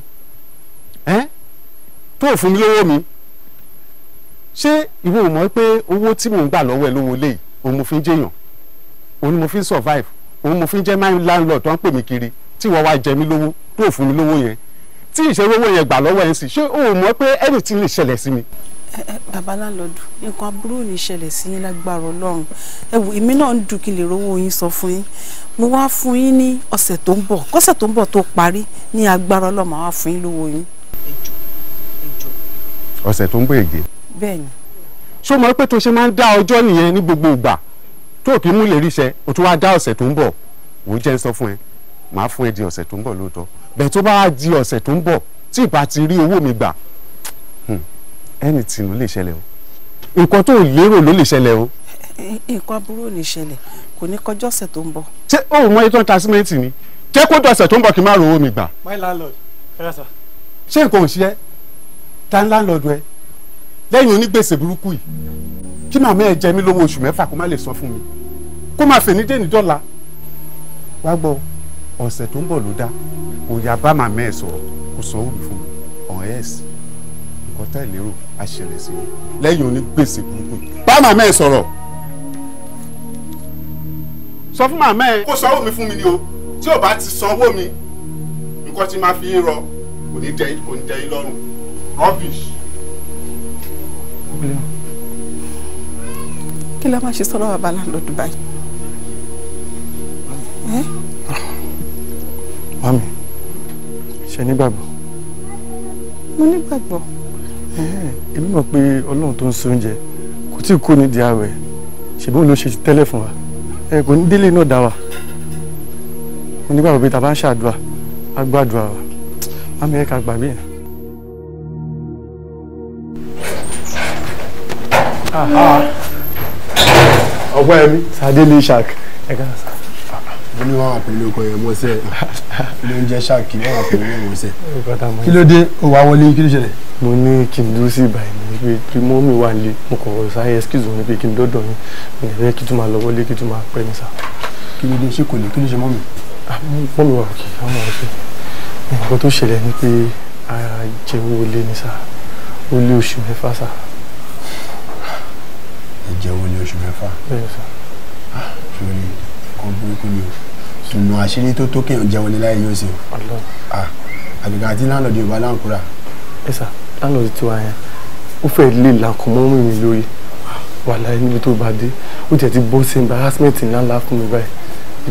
ẹ́ tó fún mi lówó mi ṣé ìwọ ò mọ̀ pé owó tí mò ń gbà lọ́wọ́ ẹ lówó léyìí òun mo fi ń jẹyàn òun ni mo fi ń survive òun mo fi ń jẹ́ my landlord tó ń pè mí kiri tí wọ́n wá jẹ mí lówó tó fún mi lówó yẹn tí ìṣerówó yẹn gbà lọ́wọ́ ẹ̀ sì ṣé o mọ̀ pé anything lè ṣẹlẹ̀ sí mi. bàbá nǹkan aburú ní ṣẹlẹ̀ sí yín lágbára ọlọ́run ẹ èmi náà ń dùn kí lè rówó yín sọ fún yín mo wá fún yín ní ọ̀sẹ̀ tó ń bọ̀ kọ́sẹ̀ tó ń bọ̀ tó parí ní agbára ọlọ́run màá wá fún yín lówó yín. ọ̀sẹ̀ tó ń bọ̀ ègé. bẹ́ẹ̀ni. ṣó mọ̀ pé tó ṣe máa ń dá ọjọ́ nìyẹn ní gbogbo ìgbà tó kì í mú lè ríṣẹ́ o wá dá ọ̀sẹ̀ tó ń bọ̀ wò jẹ́ ń sọ fún ẹ màá fún ẹ di ọ̀sẹ̀ tó ń bọ̀ lóòótọ́ bẹ́ẹ̀ tó bá di ọ̀sẹ̀ tó ń bọ̀ tí ìbá ti rí owó mi gbà ẹni hmm, tìǹú lè ṣẹlẹ̀ o nǹkan tó lérò ló lè ṣẹlẹ̀ o. nǹkan aburú ò ní ṣẹlẹ̀ kò ní kọjọ́ ọ̀sẹ̀ tó ń bọ̀. ṣé òun mọ ètò ìta símẹ́ǹtì ni jẹ́ kó dọ̀sẹ̀ tó ń bọ̀ kí n má ro owó mi gbà. my landlord ẹ sà. ṣé nǹkan ò ṣiṣẹ́ ta ń láńlọ́ọ̀dù ẹ lẹ́yìn onígbèsè burúkú yìí kí màmá ẹ jẹ mí lówó oṣù mẹ́fà kó má lè san fún mi kó má fè ní dénì dọ́là wá gbọ́ ọ̀sẹ̀ tó ń bọ̀ ló dá kò yá bá màmá ẹ̀ sọ̀rọ̀ kò sọ òbí fún mi ọ̀hún ẹ̀ sì nǹkan tá ìlérò àṣẹlẹ̀ sí i lẹ́yìn onígbèsè burúkú bá màmá ẹ̀ sọ̀rọ̀ sọ fún màmá ẹ̀ kó sanwó mi fún mi ni o tí ò bá ti sanwó mi nǹkan tí máa fi ń rọ kò ní dẹ kò ní dẹ yín lọ́rùn rubbish. kí ló máa ṣe sọ́dọ̀ bàbá láńlọ́dún báyìí. Mami, ṣe nígbàgbọ́? Mo nígbàgbọ́. Èmi mọ̀ pé Ọlọ́run tó ń ṣe oúnjẹ kò tí ì kó nídìí ààwẹ̀. Ṣèbí òun ló ṣe tẹ́lẹ̀ fún wa. kò ní délé náà dá wa. Mo nígbàgbọ́ pé ta bá ń ṣàdúrà, á gbàdúrà wa. Mami ẹ ká gbà mí. Ọgbọ́n ẹ̀mí, Sadé ní Ishak. Ẹ ká mo ní wọn àpèlè lóko yẹn mo sẹ kí ló ń jẹ ṣáàkì wọn àpèlè yẹn mo sẹ. kí ló dé o wá wọlé kí ló ṣẹlẹ̀. mo ní kí n dúró sí ìbàyìí mi pé kí mọ́ mi wà nílé mo kàn wọ́n sáyé excuse mi pé kí n dọ́dọ̀ yín mi rẹ̀ kí tún máa lọ wọlé kí tún máa pẹ́ mi sá. kí ló dé ṣé kò lè kí ló ṣe mọ́ mi. Ah, mọ́ mi wà òkè àwọn ọ̀ṣẹ́ nǹkan tó ṣẹlẹ̀ ni pé ara jẹ́wọ́ olé ni sá olé oṣù mẹ́fà sá. ìjẹ́wọ́ olé oṣù mẹ́fà. bẹ́ẹ̀ sá. Ah, sórí kan burúkú ni o ọ̀nà àṣírí tó tó kéèyàn jẹun ní láyé yóò ṣe àgbègbè àti láńlọ́ọ̀dì yorùbá láǹkúrà. ẹ sà láńlọ́ọ̀dì tí wàá yẹn ó fẹ́ lè làkùn mọ́ mi lórí wà láyé níbi tó bá dé ó jẹ́ ti bó ṣe embarrassment ńláńlá fún mi báyìí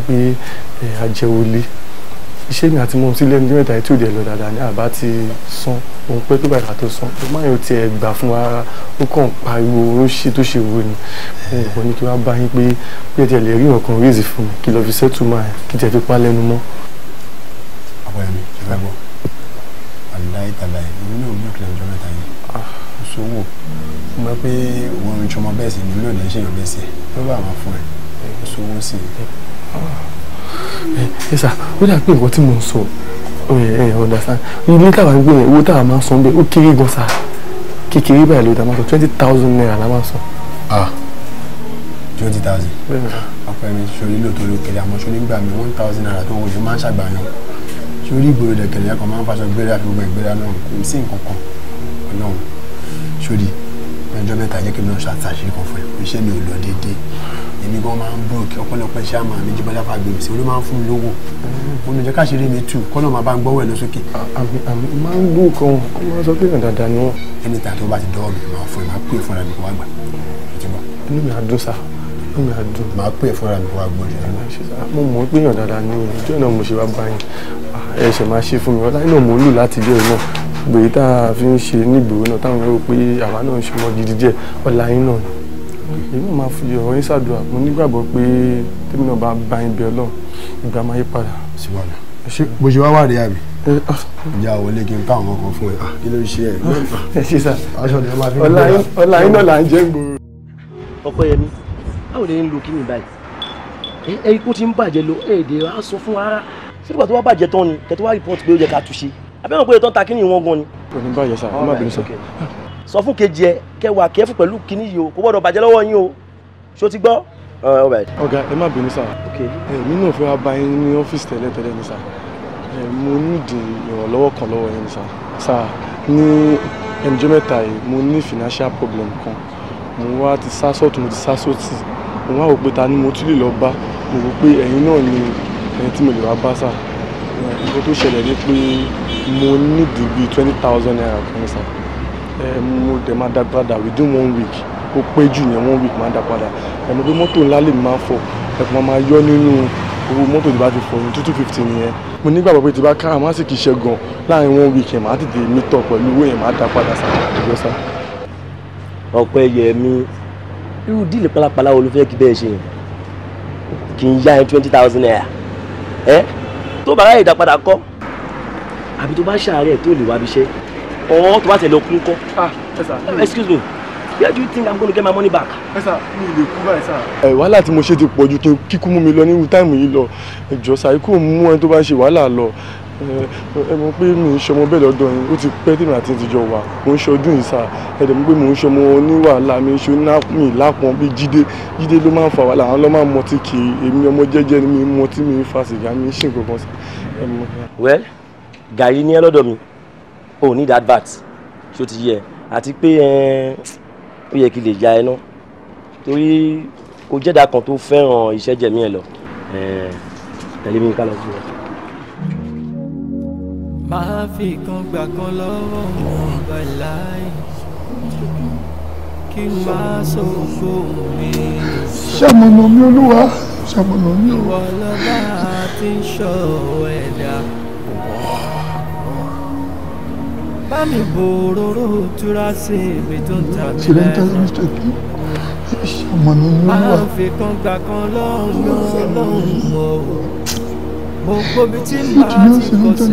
wípé àjẹwò lé iṣẹ́ mi àti mo ti lẹ́nu mẹ́ta ètò ìdẹ̀ lọ dáadáa ní àbá ti sán òun pẹ́ tó báyìí tó sán ó máa yóò tiẹ̀ gbà fún wa ó kàn pariwo ó ṣe tó ṣe wo ni òun kò ní kí wàá bá yín pé pé ẹ tiẹ̀ lè rí ọ̀kan rízi fún mi kí lọ fi ṣẹ́tù máa kí tiẹ̀ fi pa lẹ́nu mọ́. àbọ̀yẹ̀mí ṣe fẹ́ gbọ́ àdáyé tàlàyé èmi náà ò ní ọjọ́ mẹ́ta yìí ah. sówó mo mọ̀ pé òun ẹ sà ó dà pé nǹkan tí mo ń sọ ẹ ẹ understand ilé táwa ń gbé yẹn owó táwa máa ń san bẹ́ẹ̀ ó kéré gan sà kékeré báyìí ló dá máa sọ twenty thousand naira la máa sọ. ah twenty thousand ọ̀pọ̀ ẹ̀mí sori lò torí òkèlè àmọ́ sori gbà mí one thousand naira tó wọlé máa ń ṣàgbàyàn sori ìgboro ìdẹ̀kẹ̀lẹ̀ ẹ̀kọ́ máa ń faṣọ gbére àti gbogbo ìgbéra náà kò sí nǹkan kan ọlọ́run sori ọjọ́ mẹ́ta jẹ́ kí n náà ṣàtàṣe kan fún ẹ iṣẹ́ mi ò lọ déédéé èmi gan máa ń broke ọ̀pọ̀lọpọ̀ iṣẹ́ àmà mi jíbọ́lá fà gbèmí sí olóò máa ń fún mi lówó òun ìjọ káṣírí mi tù kọ́nà máa bá ń gbọ́wọ́ ẹ̀ lọ sókè. àmì àmì máa ń broke ọ̀hún kó máa sọ pé dandan ni wọ́n. ẹni tà tó bá ti dọ́ọ̀ mi máa fún ẹ máa pè fúnra mi kó wá gbà. inú mi á dùn sá inú mi á dùn. máa pè fúnra mi kó wá gbọ́ mo mọ̀ pé yàn dáadáa ní ìjọ náà mo ṣe wá bá yín ẹ máa ṣe fún mi ọlá iná mo lù láti ilé náà gbèyí tá a fi ń ṣe nígboro náà táwọn yóò pé àwa náà ń ṣe mọ gidi díẹ̀ ọlá yín náà ni èmi máa fi ọ̀rọ̀ yín ṣàdúrà mo nígbàgbọ́ pé tèmi náà bá bá yín bí ọlọ́run ìgbà máa yí padà. síwájú ṣé bó ṣe wá wà rí àbí. Ah. ìjà wọlé kí n ká àwọn kan fún ẹ ah, kí ló ń ṣe ẹ. ẹ ṣe sá ọlá yín náà là ń jẹ́ gbòòrò. ọkọ yẹmi báwo lè ń lo kíni báyìí ẹ ikú ti ń bàjẹ́ lo èdè á sọ fún ara sígbà tó wá bàjẹ́ tán ni kẹ́tọ́ wá rìpọ́ọ̀tì pé ó yẹ ká túnṣe àbẹ́wọ̀n pé ètò ń ta kíni gan ni. kò ní bàjẹ́ sá sọ fún kejì ẹ kẹwàá kẹfù pẹ̀lú kinní yìí o kò gbọ́dọ̀ bàjẹ́ lọ́wọ́ yín o ṣó ti gbọ́. ọ̀gá ẹ má bínú sá èmi náà fẹ́ wá bá yín ní ọ́fíìsì tẹ́lẹ̀ tẹ́lẹ̀ ní sá mo nídi ìrànlọ́wọ́ kan lọ́wọ́ yín ní sá sá ní ẹnjọ́ mẹ́ta yìí mo ní financial problem kan mo wá ti sá sọ́ọ̀tún mo ti sá sóòtì mo wá wò pé ta ni mo tún lè lọ bá mo rò pé ẹ̀yin náà ni ẹni tí mo lè wá bá sá nǹkan tó ṣẹlẹ̀ ni pé mo nídi bíi twenty thousand naira kan sá mo dẹ̀ máa dá padà within one week ó pé jù yẹn one week máa dá padà ẹ̀mọ́ pé mọ́tò ńlá lè máa fọ ẹ̀fọn máa yọ nínú owó mọ́tò tí bá ti fọ ní two two fifty nìyẹn mo nígbàgbọ́ pé tí bá ká àmọ́ àsìkò iṣẹ́ gan láàrin one week yẹn máa tètè meet up pẹ̀lú owó yẹn máa dá padà sá ọpẹ́ yẹmi irú díìlì pálapàla wo ló fẹ́ kí bẹ́ẹ̀ ṣe yẹn kì í yá ẹ twenty thousand naira ẹ tó bá ìdápadà kọ́ àbí tó bá ṣàárẹ̀ tó lè wá bí iṣẹ́ or to buy a local Ah, yes, sir. Eh, excuse me. Where do you think I'm going to get my money back? Yes, sir. Mi lè sir. Ẹ eh, wàhálà tí mo ṣe ti pọ̀jù tó kíkú mú mi lọ nírú táìmù yìí lọ. Ẹjọ́ sáré kò mú ẹni tó bá ṣe wàhálà lọ. Eh, ẹ mọ̀ pé mi ń ṣọmọ bẹ́ẹ̀ lọ́dọ̀ yín. Ó ti pẹ́ tèmi àti ìtìjọ wà. Mo ń ṣọdún yìí sá. Ẹ dẹ̀ mọ̀ pé mo ń ṣọmọ oníwàhálà mi ṣe mi lápọn bíi Jídé. Jídé ló máa fa wàhálà. Àwọn ló máa ń mọtí kiri. Èmi ọmọ jẹ́jẹ́ ni mi mọtí mi fa sìgá mi ṣì nǹkan kan Well, gàrí ni ẹ lọ́dọ̀ mi o oh, need advert ṣó ti yẹ àti pé ó yẹ kí lè ya ẹnu torí o jẹ́dá kan tó fẹ́ràn iṣẹ́ jẹ̀mí ẹ̀ lọ tẹ̀lé mi ká lọ sí ọ. máa fi kan gbà kan lọ́wọ́ wọn bàláì kí n máa sọ̀gbọ́ mi. ṣàmùnà mi olúwa ṣàmùnà mi olúwa. ìwọ lọ́ba ti ń ṣọ́ ẹ̀dá bá mi bo òróró tura sí ibi tó ń ta mi lẹ́nu. ọmọ mi ni wà. a fi kan gbà kan lọ́hùn lọ́hùn mọ́ o. mo gbóbi tí màá ti mr k ìdìnnà ìṣẹ̀lẹ̀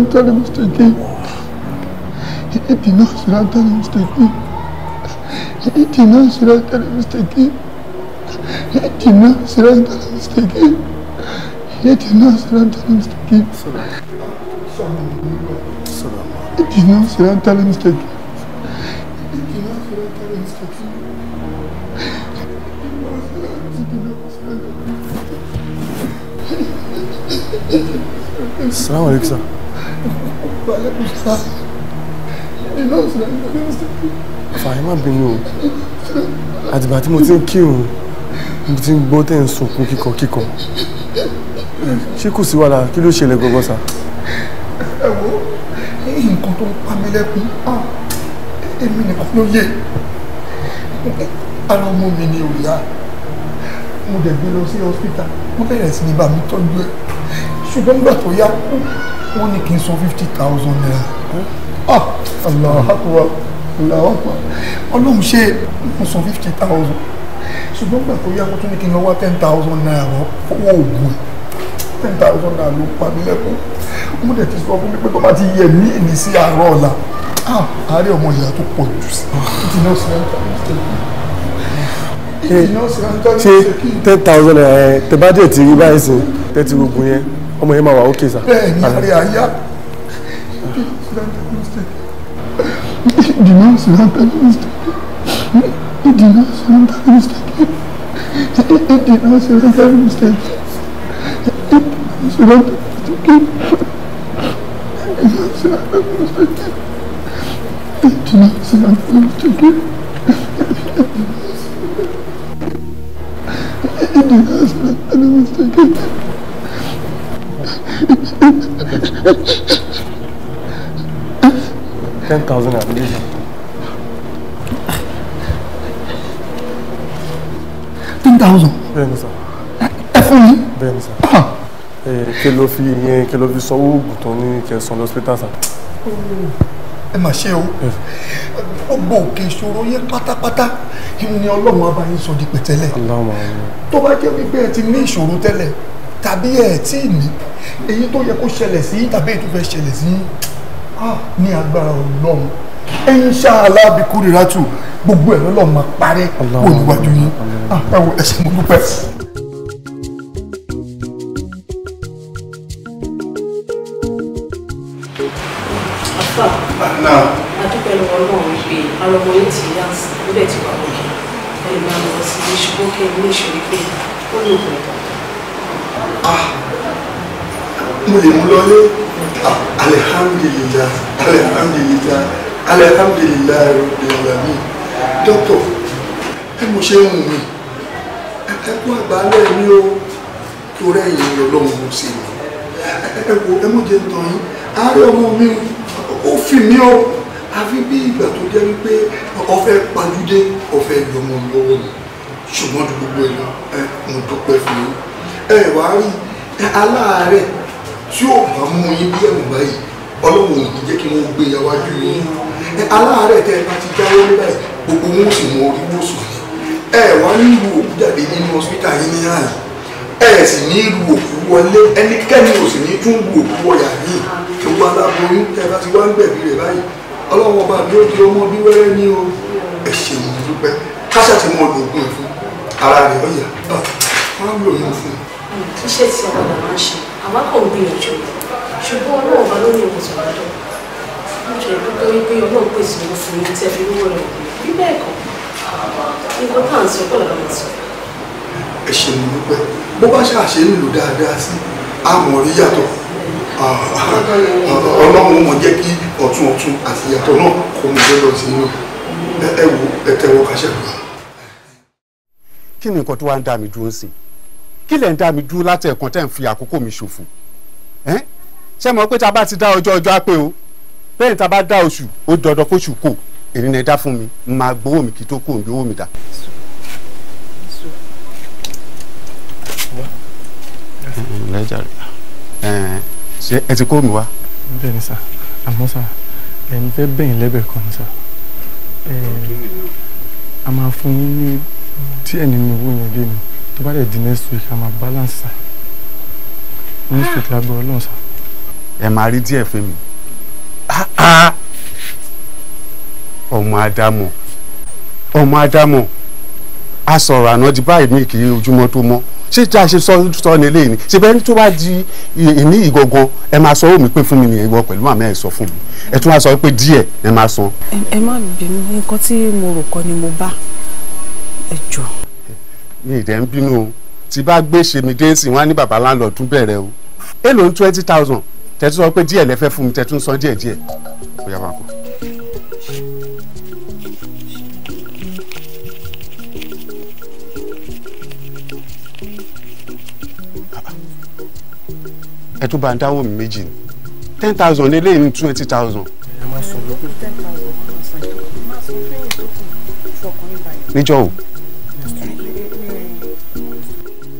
ń tẹ́lẹ̀ mr k ìdìnnà ìṣẹ̀lẹ̀ ń tẹ́lẹ̀ mr k ìdìnnà ìṣẹ̀lẹ̀ ń tẹ́lẹ̀ mr k. Yet you know, it's Mr. Gibbs. It is no accidental mistake. It is no accidental mistake. Assalamu alaikum sir. Wa alaikum salam. It is no accidental mistake fàyímà bínú o àtìgbà tí mo ti ń kírun mo ti ń gbọ́ tẹ̀ ń sunkún kíkọ kíkọ ṣé kò sí wàhálà kí ló ṣẹlẹ̀ gbogbo sà tó ń pa mí lẹ́kún ah, èmi nìkan ló yẹ ara ọmọ mi ni òòyà mo dẹ̀ gbé lọ sí hospital wọ́n bẹ̀rẹ̀ sí ní bá mi tọ́jú ẹ̀ ṣùgbọ́n nígbà tó yá wọ́n ní kí n san fifty thousand naira ah Allahu Akbar Allahu Akbar ọlọ́run ṣe mo san fifty thousand ṣùgbọ́n nígbà tó yá wọ́n tún ní kí n lọ wá ten thousand naira owó oògùn ẹ̀ ten thousand naira ló pa mí lẹ́kún mo dẹ̀ ti sọ fún mi pé tó bá ti yẹ mí ní sí àárọ̀ ọ̀la ah, àárẹ̀ ọmọ ìyá tó pọ̀ jù sí ìdí náà sì rẹ́ńtà ní ṣe ṣe ten thousand naira eh, ẹ tẹ ti rí báyìí sí tẹ́tí gbogbo yẹn ọmọ yẹn máa wà ókè sá. bẹ́ẹ̀ ni àyà ìdí náà sì rẹ́ńtà ní ìdí náà sì rẹ́ńtà ní ìdí náà sì rẹ́ńtà ní صراط المستقيم اهدنا صراط المستقيم اهدنا صراط المستقيم اهدنا صراط المستقيم كان تعظيم عبد ten thousand. bẹ́ẹ̀ni sá. ẹ fún mi. bẹ́ẹ̀ni sá. Eh, kí ló fi yẹn kí ló fi sanwó oògùn tó ní kẹsàn lọ́sítà sà. ẹ mà ṣe o eh. gbogbo òkè ìṣòro yẹn pátápátá ìmú ni ọlọ́run ọba yín sọ di pẹ̀tẹ́lẹ̀ tó bá jẹ́ wípé ẹ ti ní ìṣòro tẹ́lẹ̀ tàbí ẹ tí ì ní èyí tó yẹ kó ṣẹlẹ̀ sí tàbí èyí tó fẹ́ ṣẹlẹ̀ sí ní agbára ọlọ́run insha Allah bi kúrìrátù gbogbo ẹ̀ lọ́lọ́run máa parẹ́ kó yín ẹ̀sìn ah, mo dúpẹ́. ara ọmọ yìí ti yá sí i níbẹ̀ tí wàá wọlé ẹ lè máa lọ sí ilé ṣùgbọ́n kí ẹ ní ìṣòro pé ó ní òògùn ìtàn. Ah, mo lè mú lọlé alihamdulilayi ah, alihamdulilayi alihamdulilayi rọbìnrin dókítà bí mo ṣe ń mú mi ẹ kú àgbálẹ̀ mi o tó rẹ́yìn ọlọ́run mo ṣe mi ẹ wo ẹ mọ̀ jẹ́ ń tàn yín àárẹ̀ ọmọ mi ó fi mí o àfi bí ìgbà tó jẹ́ wípé ọ̀fẹ́ pàdúdé ọ̀fẹ́ yọmọ lọ́wọ́ ni ṣùgbọ́n tó gbogbo ẹ̀yọ ẹ mo dúpẹ́ fún yín ẹ wàá rí aláàárẹ̀ tí ò bá mú yín bí ẹ̀rù báyìí ọlọ́run ò ní jẹ́ kí wọ́n gbé yàwájú yín aláàárẹ̀ tẹ́ ẹ bá ti jáwé ní báyìí gbogbo wọn sì mọ orí wòsàn ni ẹ wá nílùú òkú jáde nínú hospital yín ní àyè ẹ sì ní ìlú òkú wọlé ẹnikẹ́ni ò sì ní tún ìlú òkú wọ̀yà yìí tó wá tẹ́ ẹ bá ti wá ń gbẹ̀bí rẹ̀ báyìí ọlọ́run ọba mi ó di ọmọ bí wẹ́rẹ́ ní o ẹ ṣeun dúpẹ́ káṣà ti mọ ògùn ẹ̀ fún ara rẹ̀ ó yà wọ́n á lò yẹn fún un. iṣẹ́ tí àwọn bàbá ń ṣe àwa kò ń gbìyànjú ṣùgbọ́n ọlọ́run ọba ló ní ìwòsàn lọ́dọ̀ wọ́n jẹ́ pé pé ọlọ́run pèsè owó fún yín tẹ́ fi ń wọ̀ rẹ̀ bí bẹ́ẹ̀ kọ́ nǹkan tá à ń sọ pọ̀ làwọn ń sọ. ẹ ṣeun dúpẹ́ bó bá ṣàṣe ń lò dáadáa sí àmọ̀ rí yàtọ̀ ah, ah, ah, ọlọ́run mọ̀ jẹ́ kí ọ̀tún ọ̀tún àti ìyàtọ̀ náà kò ní lọ́dọ̀ sí inú ẹ wo ẹ tẹ́wọ́ káṣẹ́ lọ. kí ni nǹkan tó wá ń dá mi dúró sí kí lẹ̀ ń dá mi dúró láti ẹ̀kan tẹ́ ń fi àkókò mi ṣòfò ṣé mo pé tá a bá ti dá ọjọ́ ọjọ́ á o bẹ́ẹ̀ tá a bá dá oṣù ó dandan kóṣù kò èyí ni ẹ dá fún mi máa gbowó mi kí tó kó òǹdí owó mi dá. ṣé ẹ ti kó mi wá. bẹ́ẹ̀ sá àmọ́ sà ẹ̀yin fẹ́ bẹ̀yìn lẹ́bẹ̀ kan sà a máa fún yín ní díẹ̀ nínú owó yẹn bí mi tó bá dẹ̀ di next week a máa balance sà next week lágbọ́ ọlọ́run sà. ẹ máa rí díẹ̀ fún mi ọmọ àdámọ̀ ọmọ àdámọ̀ a sọ̀rọ̀ àná di báyìí ní kì í ojúmọ́ tó mọ́ ṣé tí a ṣe sọ sọ ní ilé ni ṣe bẹ́ẹ̀ tó bá di ìní ìgangan ẹ máa sọ omi pé fún mi nìyẹn ìwọ pẹ̀lú màmá ẹ sọ fún mi ẹ tún wá sọ pé díẹ̀ ẹ máa san. ẹ má bínú nǹkan tí mo rò kọ́ ni mo bá ẹ jọ. mi ìdẹ́ ń bínú o tí bá gbé ṣe mi dé sí wọn á ní bàbá láńlọ́ọ̀dún bẹ̀rẹ̀ o èlò ń twenty thousand tẹ̀tún sọ pé díẹ̀ lẹ́fẹ́ fún mi tẹ̀tún san díẹ̀ ó yá wa kù. ẹ tún bá ń dáwọ́ méjì ni ten thousand eléyìí ní twenty thousand. ẹ máa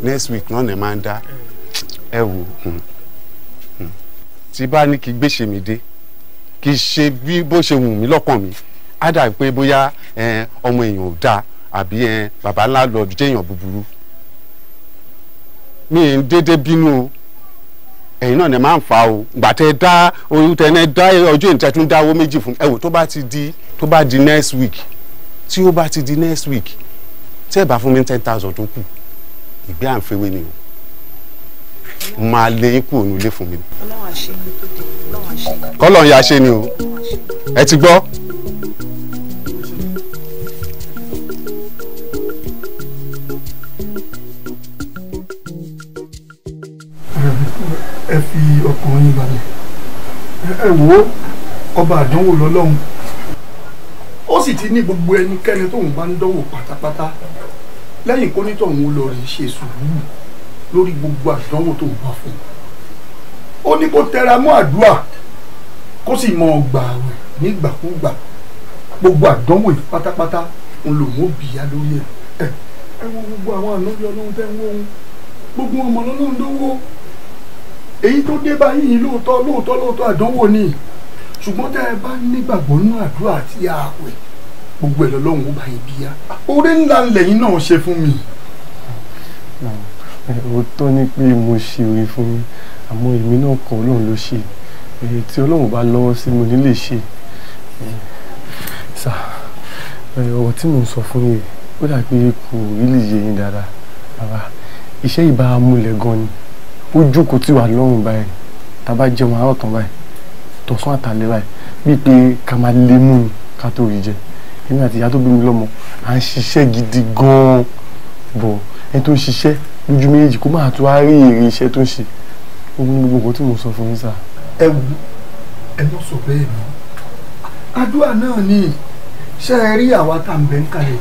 next week náà ni máa ń dá ẹ wò tí bá ní kí gbèsè mi dé kì í ṣe bí bó ṣe wù mí lọ́kàn mi á dà pé bóyá ọmọ èèyàn ò dáa àbí bàbá ńlá lọ́ọ́ jẹ́yàn búburú mi ń dédé bínú o ẹ̀yin náà ni máa ń fa o gbà tẹ dá oyún tẹ ẹ dá ọjọ́ ìtẹ tún dá owó méjì fún ẹ wò tó bá ti di tó bá di next week tí ó bá ti di next week tí ẹ bá fún mi ten thousand tó kù ìgbé à ń fẹ́wé ni o máa lé yín kúrò nílé fún mi. kọ́lọ́ọ̀ ya ṣe ni o ẹ ti gbọ́. ẹ fi ọkàn yín balẹ̀ ẹ wo ọba àdánwò lọ́lọ́run ó sì ti ní gbogbo ẹnikẹ́ni tóun bá ń dánwò pátápátá lẹ́yìn kó ní tọ̀hún lọ rèé ṣe sùúrù lórí gbogbo àdánwò tóun bá fún un ó ní kó tẹra mọ́ àdúrà kó sì mọ ọgbà àwẹ̀ nígbàkúgbà gbogbo àdánwò yìí pátápátá ń lò wọ́n bìyà lórí ẹ̀ ẹ wo gbogbo àwọn ànábì ọlọ́run tẹ́ ń wọ́n gbogbo ọmọ ọlọ́run ló wọ́n èyí tó dé báyìí lóòótọ́ lóòótọ́ lóòótọ́ àdánwò ni ṣùgbọ́n tẹ́ ẹ bá nígbàgbọ́ nínú àdúrà àti ààwẹ̀ gbogbo ẹ̀ lọ́lọ́run ó bá yín bíyá oore ńlá lẹ́yìn náà ṣe fún mi. òótọ́ ni pé mo ṣe oore fún mi àmọ́ èmi náà kọ́ ọlọ́run ló ṣe èyí tí ọlọ́run bá lọ́wọ́ sí mo ní lè ṣe. sà ọ̀rọ̀ tí mò ń sọ fún yìí ó dà kò rí lè yé yín dáadáa bàbá iṣẹ́ ìbámu lẹ̀ ni ó jókòó tì wá lọ́rùn báyìí tá a bá jẹun àárọ̀ tán báyìí tọ̀sán àtàlẹ́ báyìí bíi pé ká máa lé mú ni ká tó rí jẹ èmi àti ìyá tó bí mi lọ́mọ à ń ṣiṣẹ́ gidi gan-an bọ̀ ẹni tó ń ṣiṣẹ́ lójú méjèèjì kó máa tó wá rí èrè iṣẹ́ tó ń ṣe òun gbogbo nǹkan tí mo sọ fún yín sá. ẹ wù ẹ mọ sọ bẹ́ẹ̀ mọ àdúrà náà ni ṣe é rí àwa tá à ń bẹ ń kalẹ̀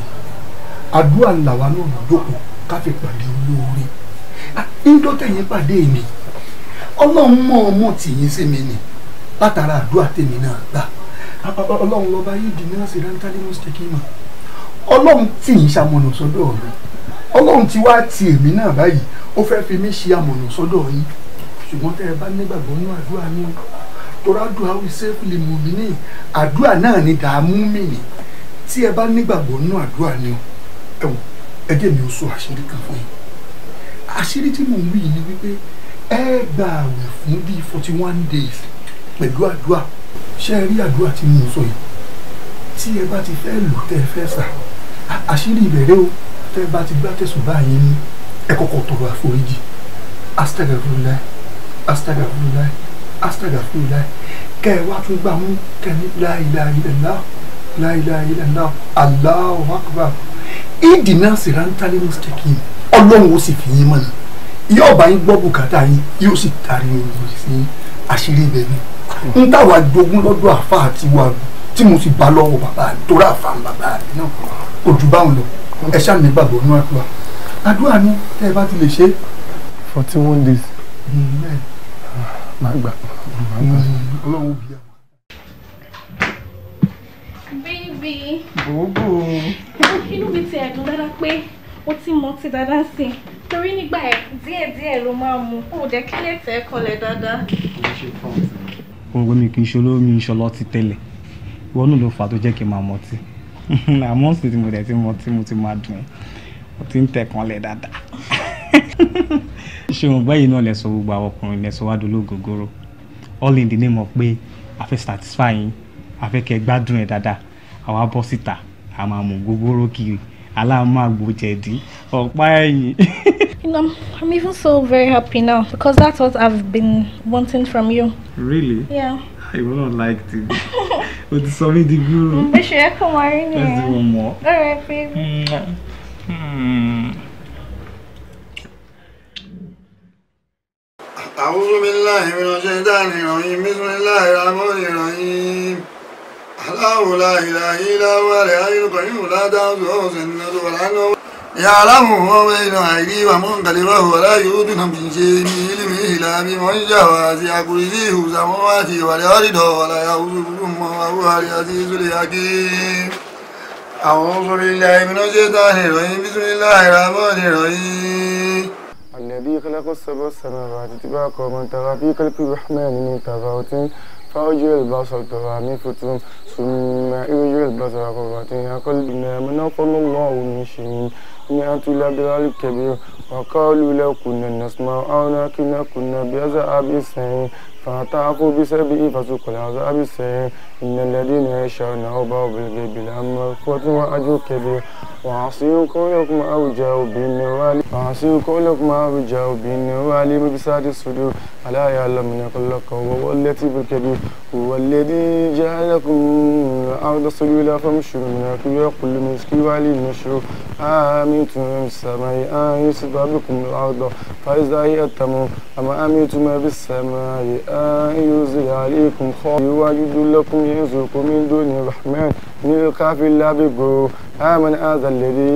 àdúrà làwa náà jókòó ká fi pàdé olóore ńdọ́tẹ̀yìn pàdé mi ọlọ́run mọ̀ ọmọ tìyín sí mi nì látara àdúrà tèmi náà gbà ọlọ́run lọ́ba yìí dì náà sí rántálí mọ́sítẹ́kì mọ́ ọlọ́run tì í ṣamọ̀nà sọ́dọ̀ mi ọlọ́run ti wá ti èmi náà báyìí ó fẹ́ fi mí ṣe amọ̀nà sọ́dọ̀ yín ṣùgbọ́n tẹ́ ẹ bá nígbàgbọ́ nínú àdúrà mi torádùá wíṣẹ́fù lè mú mi ní àdúrà náà ni dààmú mi nì tí ẹ bá nígbàgbọ́ nínú àdúrà ni ẹ̀wọ̀n ẹ̀jẹ̀ mi ò sọ àṣírí kan fún yín àṣírí tí mò ń wí ni wípé ẹ gba àwẹ̀ fún bíi forty one days pẹ̀lú àdúrà ṣe rí àdúrà tí mò ń sọ yìí tí ẹ bá ti fẹ́ lò tẹ́ ẹ fẹ́ sà àṣírí ìbẹ̀rẹ̀ o tẹ́ ẹ bá ti gbá tẹ̀sùn báyìí ní ẹ kọ́kọ́ tọrọ àforíjì astagafurulai astagafurulai astagafurulai kẹ́ ẹ wá tún gbà mú kẹ́ ní láìláìlẹ́lá láìláìlẹ́lá Allahu akbar ìdìnnà sèrè ń tálẹ́ yìí ọlọ́run ó sì fi yín mọ̀nà yóò bá yín gbọ́ bùkátà yín yóò sì taari yín sí àṣírí ibẹ̀ ni n táwa jogún lọ́dọ̀ àfa àti wa tí mo sì bá lọ́wọ́ bàbá torí àfa bàbá mi náà kò jù báwọn lọ ẹ ṣáà ní gbàgbọ́ nínú àdúrà àdúrà ni tẹ́ ẹ bá ti lè ṣe. forty one days. máa gbà máa gbà ọlọ́run bí i. bíbí. bòbò. inú mi ti ẹ̀dùn dáadáa pé ó ti mọ ti dáadáa sí torí nígbà ẹ díẹ̀ díẹ̀ ló máa mú kó o dẹ kí lè tẹ kọlẹ̀ dáadáa. òun pé mi kì í ṣe olómi ìṣọlọ ti tẹ́lẹ̀ ìwọ náà ló fà á tó jẹ́ kí n máa mọtí (laughs) àmọ́ sì ti mo dẹ̀ ti mọtí mo ti máa dùn mo ti ń tẹ̀ dáadáa. (laughs) ṣé wọn báyìí náà lè sọ gbogbo àwọn ọkùnrin lè sọ wá dolóògógóró all in the name of pé a fẹ́ satisfy yín a fẹ́ kẹ́ gbádùn ẹ̀ dáadáa àwa bọ́ síta a máa mú gbogbo rókì aláàmàgbòjẹ̀dí ọ̀pá ẹ̀yìn. You know, I'm even so very happy now because that's what I've been wanting from you. Really? Yeah. I will not like it. With some in the guru. Make sure you come on Let's do one more. All right, baby. Mm. Mm. أعوذ بالله من الشيطان الرجيم بسم الله الرحمن الرحيم الله لا إله إلا هو الحي القيوم لا تأخذه سنة ولا نوم يعلم ما بين أيدي ومنقلبه ولا يؤذن من شيء من علمه إلا بموجه واسع كرسيه السماوات والأرض ولا يؤذنه وهو العزيز الحكيم أعوذ بالله من الشيطان الرجيم بسم الله الرحمن الرحيم الذي خلق السبع سماوات طباقا ومن ترى في قلب الرحمن من تفاوت فأجر البصر تراني فترم ثم أرجع البصر كرتين قلبنا منقم الله من شيء نعت الأبرار الكبير وقالوا لو كنا نسمع أو كنا بأذى أبي سعيد فاعترفوا بسببه فسوقوا العذاب السير إن الذين يشاءون أوبوا بالغيب لهم مغفرة وأجر كبير وعصيوا كلكم أو جاءوا بالنوال وعصيوا كلكم أو جاءوا بالنوال ببساط الصدور ألا يعلم من يخلقكم وهو اللطيف الكبير هو الذي جعلكم أرض سبيلا فامشوا من أكوية كل مسكي وعلي مشروع آمنتم من السماء أن يسبح بكم الأرض فإذا هي التمر أما آمنتم بالسماء يرزي عليكم خير ويجد لكم يرزقكم من دون الرحمن من الكافر لا بقوه آمن هذا الذي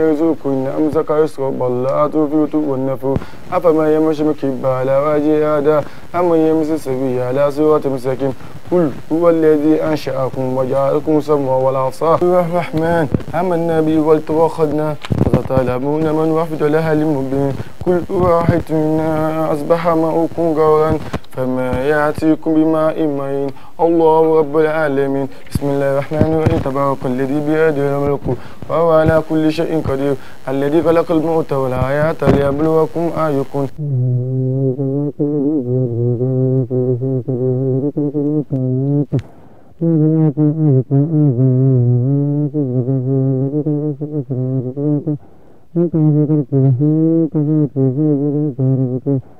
يرزقكن أمسك يشرب الله توفي يتوب النفو أفما يمشي مكبا على وجه هذا أما يمشي سبيا على صراط مستقيم قل هو الذي أنشأكم وجعلكم سمع والأبصار الرحمن أما النبي والتوخدنا فتعلمون من وفد لها المبين كل واحد منا أصبح ماؤكم غورا فما يأتيكم بماء معين الله رب العالمين بسم الله الرحمن الرحيم تبارك الذي بيده الملك وهو على كل شيء قدير الذي خلق الموت والحياة ليبلوكم أيكم Thank (laughs) you.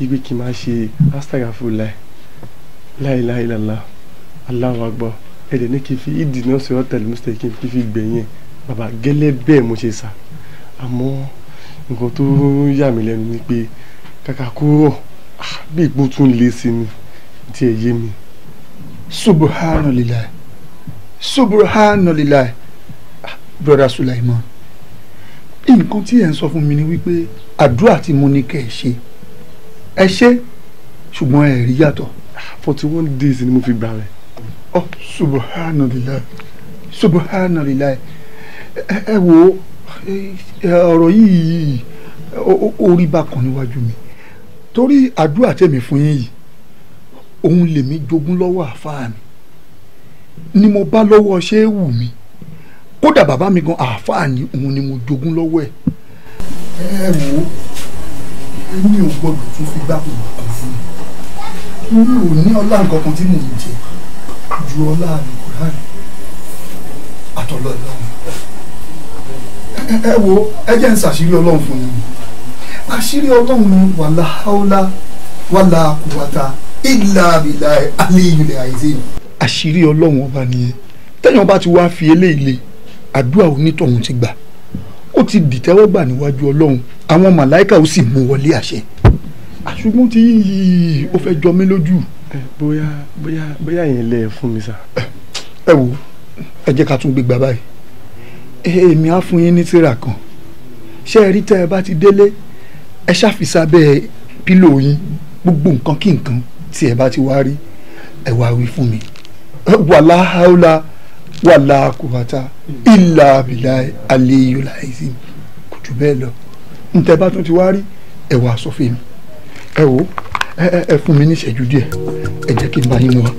ibi kì í máa ṣe astagafurulai láìláìlàlá Allahu Akbar ẹ̀dẹ̀ ní kí n fi ìdì náà sí ọ̀tẹ̀lẹ̀ mistake kí n fi gbẹ̀yìn bàbá gẹ́lẹ́ bẹ́ẹ̀ mo ṣe sà àmọ́ nǹkan tó yà mí lẹ́nu ni pé kàkà kó ah, bí ìgbó tún lé sí ni tí ẹ yé mi. subhanallah subhanallah ah, brother Sulaiman nǹkan tí ẹ ń sọ fún mi ni wípé àdúrà tí mo ní kẹ́ ẹ ṣe ẹ ṣe ṣùgbọ́n ẹ rí yàtọ̀. forty one days ni mo fi gbà rẹ. ọ oh, subahánàlélá subahánàlélá ẹ wo ọ̀rọ̀ yìí orí bákan níwájú mi torí àdúrà tèmi fún yín yìí òun lèmi jogún lọ́wọ́ àáfàá mi ni mo bá lọ́wọ́ ṣé é wù mí kódà bàbá mi gan àáfàá ni òun ni mo jogún lọ́wọ́ ẹ̀ ẹ wò ó èmi ò gbọdọ̀ tún fi gbá òògùn kan fún mi mi ò ní ọlá nǹkan kan tí mò ń jẹ ju ọlá àlùkùránì àtọ̀lọ́ ọlọ́run ẹ wo ẹ jẹ́ ń ṣàṣírí ọlọ́run fún mi àṣírí ọlọ́run ni wàlá haúlá wàlá kùwàtà ìlà àbìlà àlẹ́yìnlẹ̀ àìsèyìn. àṣírí ọlọ́run ọba nìyẹn tẹ́yìn ọba ti wá fi eléyìí lé àdúrà onítọ̀hún ti gbà ó ti dìtẹ́wọ́gbà níwájú ọlọ́run àwọn màláìka ó sì mú wọlé àṣẹ àṣùgbọ́n tí yìí ó fẹ́ jọ mí lójú. bóyá bóyá bóyá yẹn lẹ fún mi sá. ẹ wo ẹ jẹ́ ká tún gbégbá báyìí èmi á fún yín ní tírà kan ṣé ẹ rí tẹ́ ẹ bá ti délé ẹ ṣàfìsàbẹ́ pílò yín gbogbo nǹkan kí nǹkan tí ẹ bá ti wá rí ẹ wá wí fún mi wàláhàólà wàlá kùbàtà ìlà àbìlà àlẹyò láìsí kò jù bẹ́ẹ̀ lọ ntẹ́ bá tún ti wá rí ẹ wá sọ fún mi ẹ wò ẹ fún mi ní ìṣẹ́jú díẹ̀ ẹ jẹ́ kí n bá yín wá.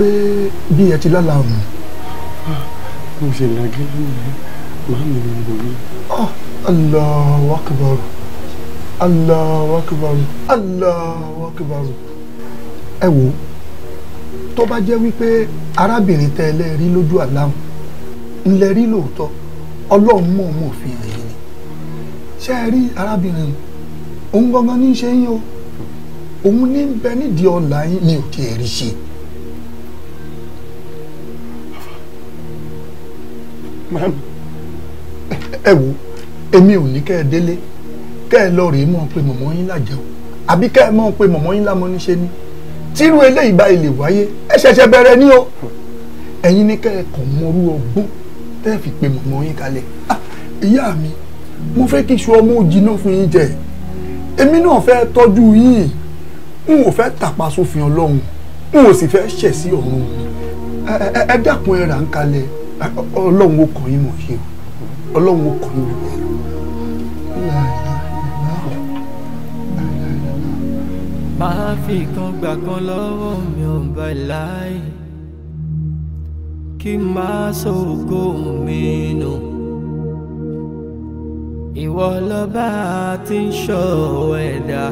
pé bí ẹ ti lálàá ọ̀nà. mo ṣe ìlàgé lónìí màá mi ní ìbòmí. Ah, Allahu akbar Allahu akbar Allahu akbar ẹ wò ó tó bá jẹ́ wípé arábìnrin tẹ́ ẹlẹ́ rí lójú àláhùn ńlẹ̀ rí lóòótọ́ ọlọ́run mọ̀ọ́mọ̀ fi hàn yín ni ṣé ẹ rí arábìnrin òun gangan ní í ṣe yín o òun ní bẹ nídìí ọ̀la yín ni ò rí ṣe. mami ẹ wo èmi ò ní kẹ́ ẹ délé kẹ́ ẹ lọ rèé mọ̀ pé mọ̀mọ́ yín làjẹ́ o àbí kẹ́ ẹ mọ̀ pé mọ̀mọ́ yín lámọ́ níṣe ni tírú eléyìí bá ilé wáyé ẹ ṣẹ̀ṣẹ̀ bẹ̀rẹ̀ ní o ẹ̀yin ní kẹ́ ẹ kàn mọ́rú ọgbọ́n tẹ́ ẹ fi pe mọ̀mọ́ yín kalẹ̀ ah, ìyá mi mo fẹ́ kí iṣu ọmọ òjìnà fún yín jẹ èmi náà fẹ́ tọ́jú yín n ò fẹ́ tàpá sófin ọlọ́run n ò sì fẹ́ ṣẹ̀ sí ọ̀run mi ẹ dákun ẹ rà ń kalẹ̀ ọlọ́run ó kàn yín mọ̀ o ọlọ́run ó kàn yín mọ̀ o. máa fi kan gbà kan lọ́wọ́ mi ò bá láì kí n máa ṣògo mi nù. ìwọ lọ́ba tí ń ṣọ́ ẹ̀dá.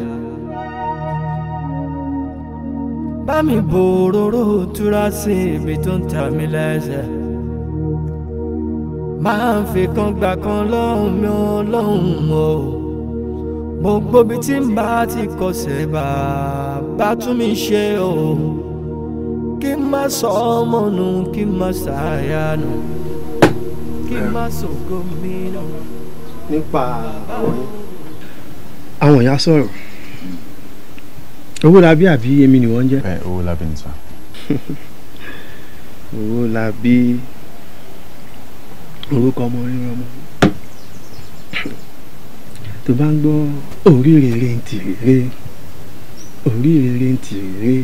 bá mi bòróró túra sí ibi tó ń ta mi lẹ́sẹ̀ máa ń fi kan gbà kan lọ́hùn mi ọlọ́hùn o gbogbo bíi tí n bá ti kọsẹ̀ bàbá tún mi ṣe o kí n má sọ ọmọ nù kí n má ṣàyà nù kí n má ṣògo mi nípa orin. àwọn ìyá sọ̀rọ̀ owó labí àbí èmi ni wọ́n ń jẹ́. owó labí nìta. (laughs) owó labí orúkọ ọmọ ríran mọ́ tó bá ń gbọ́ orí rere ń tìrere orí rere ń tìrere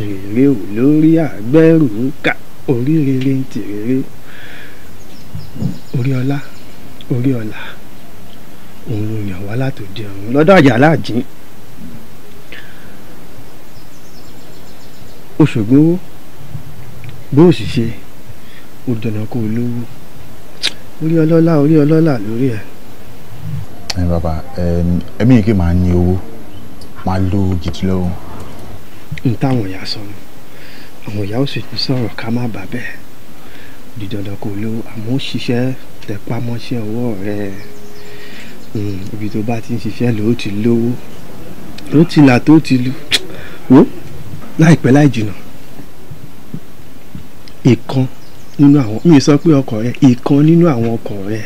èrè ò lórí àgbẹ̀rù ká orí rere ń tìrere orí ọlá orí ọlá òun ló yàn wá látòdì ọ̀run lọ́dọ̀ àjàlá àjín oṣògbówó bó sì ó dandan kó o orí ọlọ́lá orí ọlọ́lá lórí ẹ̀. ẹ bàbá ẹmí yìí kì máa ní owó máa lò gidi lọ́wọ́. n táwọn ìyá sọ ni àwọn ìyá ó sì tún sọ̀rọ̀ ká má bà bẹ́ẹ̀ dídọ̀dọ̀ kò lo àmọ́ ṣiṣẹ́ tẹpámọ́ṣẹ́ ọwọ́ rẹ hmm, ibi tó bá ti ń ṣiṣẹ́ ló ti lówó ló ti là tó ti lu wo láìpẹ́ láì jìnnà ìkan nínú àwọn mi sọ pé ọkọ rẹ ìkan nínú àwọn ọkọ rẹ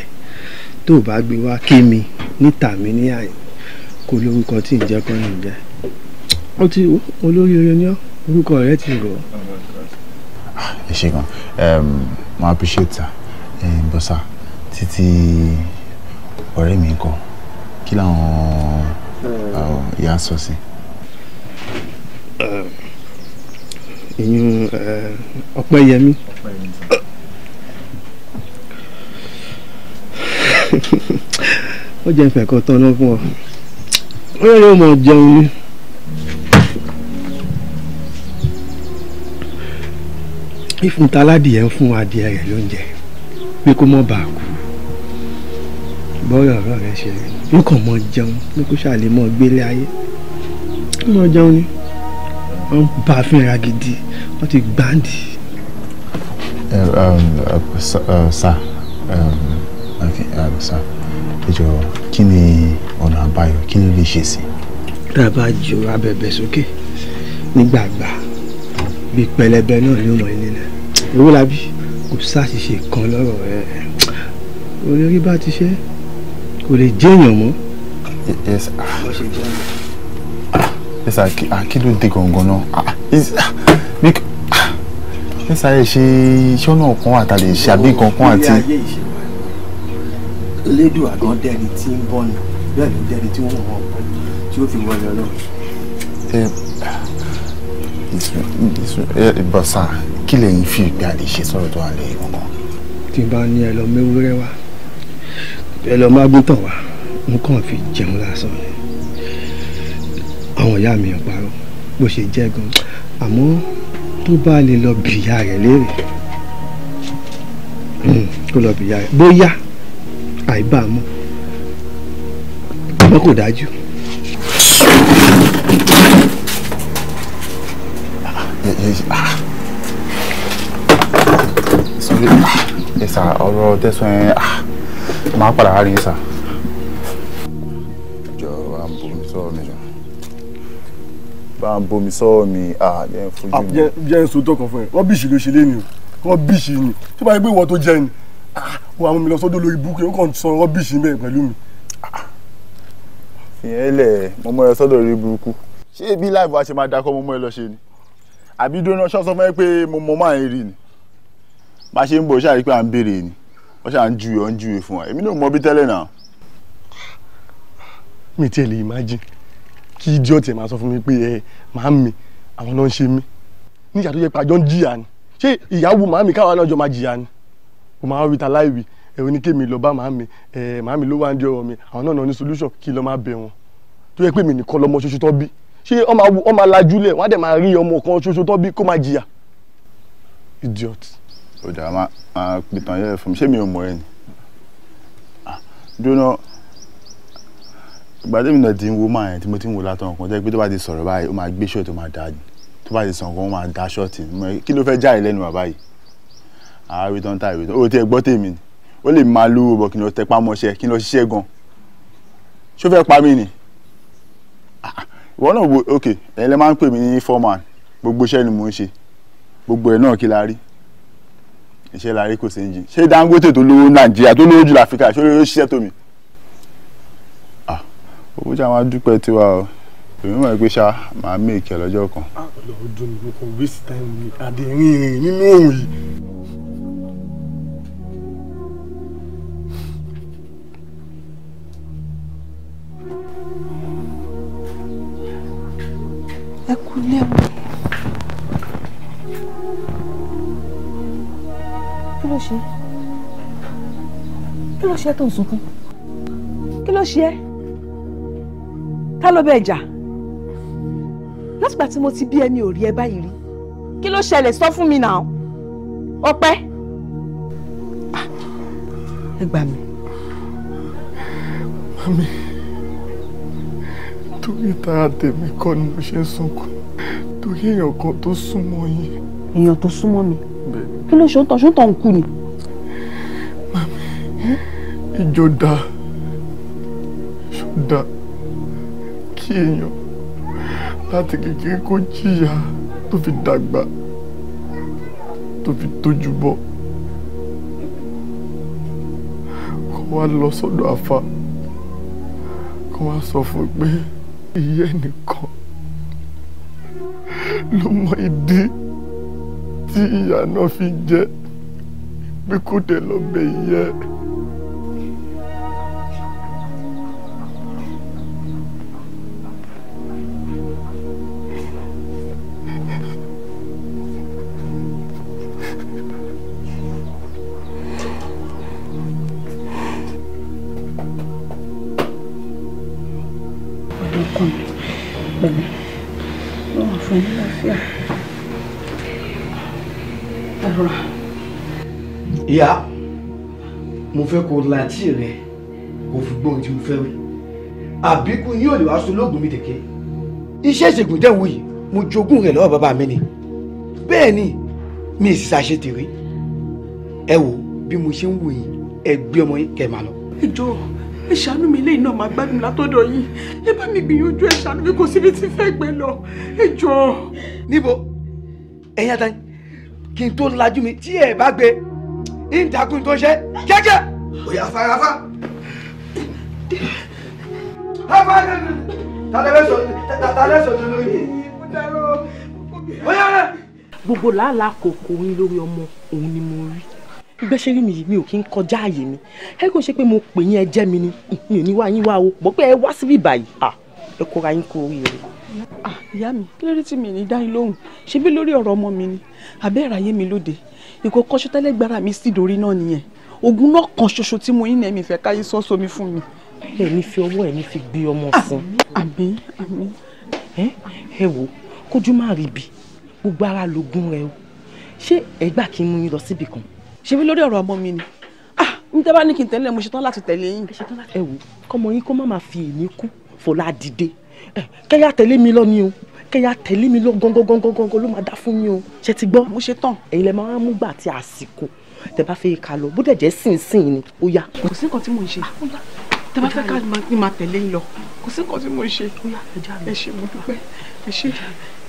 tó o bá gbé wá ké mi níta mi ní àyè kó lórúkọ tí ń jẹ́ kọ́ ní ìjẹ́ ó ti olóríire ní ọ orúkọ rẹ ti rọ. ẹ ṣe gan mo appreciate bọ́sà títí ọ̀rẹ́ mi kọ kí làwọn hmm. um, ìyá sọ sí. ìyún eh, ọpẹ́yẹmí. ó jẹ́ nfẹ̀ kan tán náà fún ọ ó yẹ kí ó mọ̀ jẹun ni. ìfun taládìẹ ń fún adìẹ rẹ lóúnjẹ pé kó mọ̀ bàa kú bọ́ọ̀rọ̀ ọ̀rọ̀ rẹ ṣe rí n kàn mọ̀ jẹun pé kó ṣàlè mọ̀ gbélé ayé ó mọ̀ jẹun ni wọ́n bá a fínra gidi wọ́n ti gbáǹdì. ẹ ẹ sá okay um, sir ẹ jọ kí ni ọ̀nà àbáyọ kí ni ó lè ṣe sí. dábà ju abẹ̀bẹ̀ sókè nígbàgbà bíi pẹlẹbẹ náà ló mọ ilé náà owó labí kò ṣàṣìṣe kan lọ́rọ̀ ẹ̀ olórí bá ti ṣe kò lè jẹ́yàn mọ́. yes yes kí ló dé gangan náà yes ẹ ṣe iṣẹ́ náà kan àtàlẹ́ ṣe àbí kankan àti elédùn àgàn dẹni tí ń bọ̀ ni bẹ́ẹ̀ ló dẹni tí wọ́n wọ̀ tí ó fi wọ ẹ̀yọ náà. ẹ bọ̀sà kí lẹ́yìn fi ìgbà lè ṣe sọ̀rọ̀ tó wà lẹ́yìn kankan. tí bá ní ẹ lọ mẹ́wúrẹ́ wá ẹ lọ má gbótàn wá n kàn fi jẹun lásán ni àwọn ìyá mi ò parọ́ bó ṣe jẹ́ gan àmọ́ tó bá lè lọ bìyà rẹ̀ léèrè hmm, kó lọ bìyà rẹ̀ bóyá àìbá mu wọn kò dájú. sọrí ẹ sà ọ̀rọ̀ tẹsán ẹ ah, máa padà wá rí ẹ sà. jọ wá ń bomi sọ̀rọ̀ mi jọ bá ń bomi sọ̀rọ̀ mi ah, jẹ́ ń fojú mi. Ah, jẹ́ ń sotọ́ kan fún ẹ wọ́n bíṣì ló ṣe ni o wọ́n bíṣì ni tí wọ́n bá yẹ pé ìwọ tó jẹ́ ni wọ́n àwọn mi lọ sọ́dọ̀ lórí búkú ó kàn sọ rọ́bìṣì bẹ́ẹ̀ pẹ̀lú mi. ìyẹn lẹ̀ mo mọ ẹ sọ́dọ̀ lórí burúkú ṣé ibi láìpẹ́ àṣẹ máa dakọ́ mo mọ ẹ lọ ṣe ni àbí dóná ṣọ́sọ́ fẹ́ pé mo mọ máa ń rí ni bá ṣe ń bọ̀ ṣáà rí pé à ń béèrè ni wọ́n ṣáà ń juwe ọ̀ ń juwe fún wa èmi náà mọ bí tẹ́lẹ̀ náà. mi tiẹ̀ lè imagine kí idiot ẹ̀ máa sọ fún mi pé ẹ máa mi àwọn náà ń ṣe mí níjà tó yẹ pé àjọ ń jìyà ni ṣé ìyàwó màmí káwa náà jọ máa jìyà ni mo máa ń rí ta láì rí ẹ̀rọ ní kémi lọ bá màámi ẹ̀ màámi ló wá ń di ọ̀rọ̀ mi àwọn náà náà ní solution kí lọ máa bẹ wọn tó yẹ pé mi nìkan lọmọ ṣoṣo tó bí ṣé ọ máa lajú lẹ̀ wọ́n á dẹ̀ máa rí ọmọ kan ṣoṣo tó bí kó máa jìyà idiot. ó máa máa yẹ fún mi ṣé mi ò mọ ẹ ni jóná ìgbàdé mi náà ti ń wo máa yẹn tí mo ti ń wo látọ̀ nǹkan jẹ́ pé tó bá ti sọ̀rọ̀ báyìí ó máa gbé ṣọ́ọ̀tì ó máa dá ṣọ́ọ̀tì kí ló fẹ́ jáì lẹ́nu bàbá àárí tó ń ta ìrètò o tiẹ̀ gbọ́ tèmi ni ó lè máa lówó bọ̀ kí n lọ tẹpá mọ́ṣẹ́ kí n lọ ṣiṣẹ́ gan ṣó fẹ́ pa mí ni ah, ìwọ náà wo ok ẹ̀yin lè máa ń pè mí ní foreman gbogbo iṣẹ́ ni mò ń ṣe gbogbo ẹ̀ náà kí la rí iṣẹ́ la rí kò sí engine ṣé Dangote tó lówó Nàìjíríà tó lówó jù láfíríkà ṣó ló ṣiṣẹ́ tó mi. Ah, owó jà máa dúpẹ́ tiwa o èmi mọ̀ pé ṣá máa mí ìkẹ́ lọ́jọ́ kan. Ah, ọlọ́run dùn mí kò waste time mi àdéhìn ìrìn nínú òun yìí. ẹ kú léwu. kí ló ṣe kí ló ṣe tó ń sunkún kí ló ṣe ká ló bẹ jà látìgbà tí mo ti bí ẹni ò ẹ báyìí rí kí ló ṣẹlẹ̀ sọ fún mi náà ọpẹ́ ah, ẹ gbà mí. mami torí tara tèmi kọ́ ni mo ṣe ń sunkún torí èèyàn kan tó súnmọ́ yín. èèyàn tó súnmọ́ mi kí ló ṣòótọ́ ṣòótọ́ ń kú ni. màmí ìjọ da ìjọ da kí èèyàn láti kékeré kó jìyà tó fi dàgbà tó fi tójú bọ́ kó wá lọ sọ́dọ̀ àfa kó wá sọ fún un pé ìyá nìkan ló mọ ìdí tí ìyá náà fi jẹ́ bí kò dé lọ bẹ ìyá ẹ̀. ìyá mo fẹ́ kó làtí rẹ kó fi gbóhun tí mo fẹ́ rí àbíkú yín ò lè wá sológun mi tèké iṣẹ́ ìṣègùn dẹ̀ wò yìí mo jogún rẹ̀ lọ́wọ́ bàbá mi ni bẹ́ẹ̀ ni mi ì sísá ṣe tèrè ẹ wò bí mo ṣe ń wò yín ẹ gbé ọmọ yín kẹ́ máa lọ. ẹ jọ̀ọ́ ẹ ṣàánú mi lẹ́yìn náà máa gbádùn látọ̀dọ̀ yín ẹ bá mi gbìyànjú ẹ ṣàánú mi kò síbi tí fẹ́ gbé lọ ẹ níbo ẹ̀yin ata kí n tó lajú mi tí ẹ bá gbé ìdàkùn tó ṣe jẹ́jẹ́ òyà farafa. rafa tàlẹ́ sọ̀tún lórí yìí. gbogbo làálàá kòkó yín lórí ọmọ òun ni mo rí gbẹ́ rí mi yìí mi ò kí ń kọjá àyè mi ẹ kò ṣe pé mo pè yín ẹ jẹ́ mi ni mi ò ní wá yín wá o bọ́ pé ẹ wá síbí báyìí ẹ kóra yín kú oríire. ìyá mi kí tí mi ní dá yín lóhùn ṣebí lórí ọ̀rọ̀ ọmọ mi ni àbẹ́ẹ̀ráyé mi lóde ìkó kan ṣoṣo tẹ́lẹ̀ gbára mi sí ìdórí náà nìyẹn ogun náà kan ṣoṣo tí mo yín ní ẹ̀mí fẹ́ káyé sọ́sọ mi fún mi. ẹ̀mí fi ọwọ́ ẹ̀mí fi gbé ọmọ ah, fún. àmín àmín. ẹ wo kójú má rí bi gbogbo ara lògùn rẹ o ṣé ẹgbà kí n mú yín lọ síbì kan. ṣebí lórí ọ̀rọ̀ ọmọ mi ni ah, n tẹ́ bá ní kí n tẹ̀lé mo ṣetán láti tẹ̀lé yín. ẹ wo kọ́mọ yín kó má máa fi èmi kú fọlá dìde kẹ́yà tẹ̀lé mi lọ ni o kẹ́yà tẹ̀lé mi lọ gangan ló máa dá fún yín o ṣe ti gbọ́ mo ṣe tán ẹ̀yin lẹ máa ń mú gbà àti àsìkò tẹ bá fẹ́ ká lọ bó dẹ̀ jẹ́ sínsìn ni ó yá. kò sí nǹkan tí mò ń ṣe ah, tẹ bá fẹ́ ká ní máa tẹ̀lé ń lọ kò sí nǹkan tí mò ń ṣe ẹ ṣé mo dúpẹ́ ẹ ṣé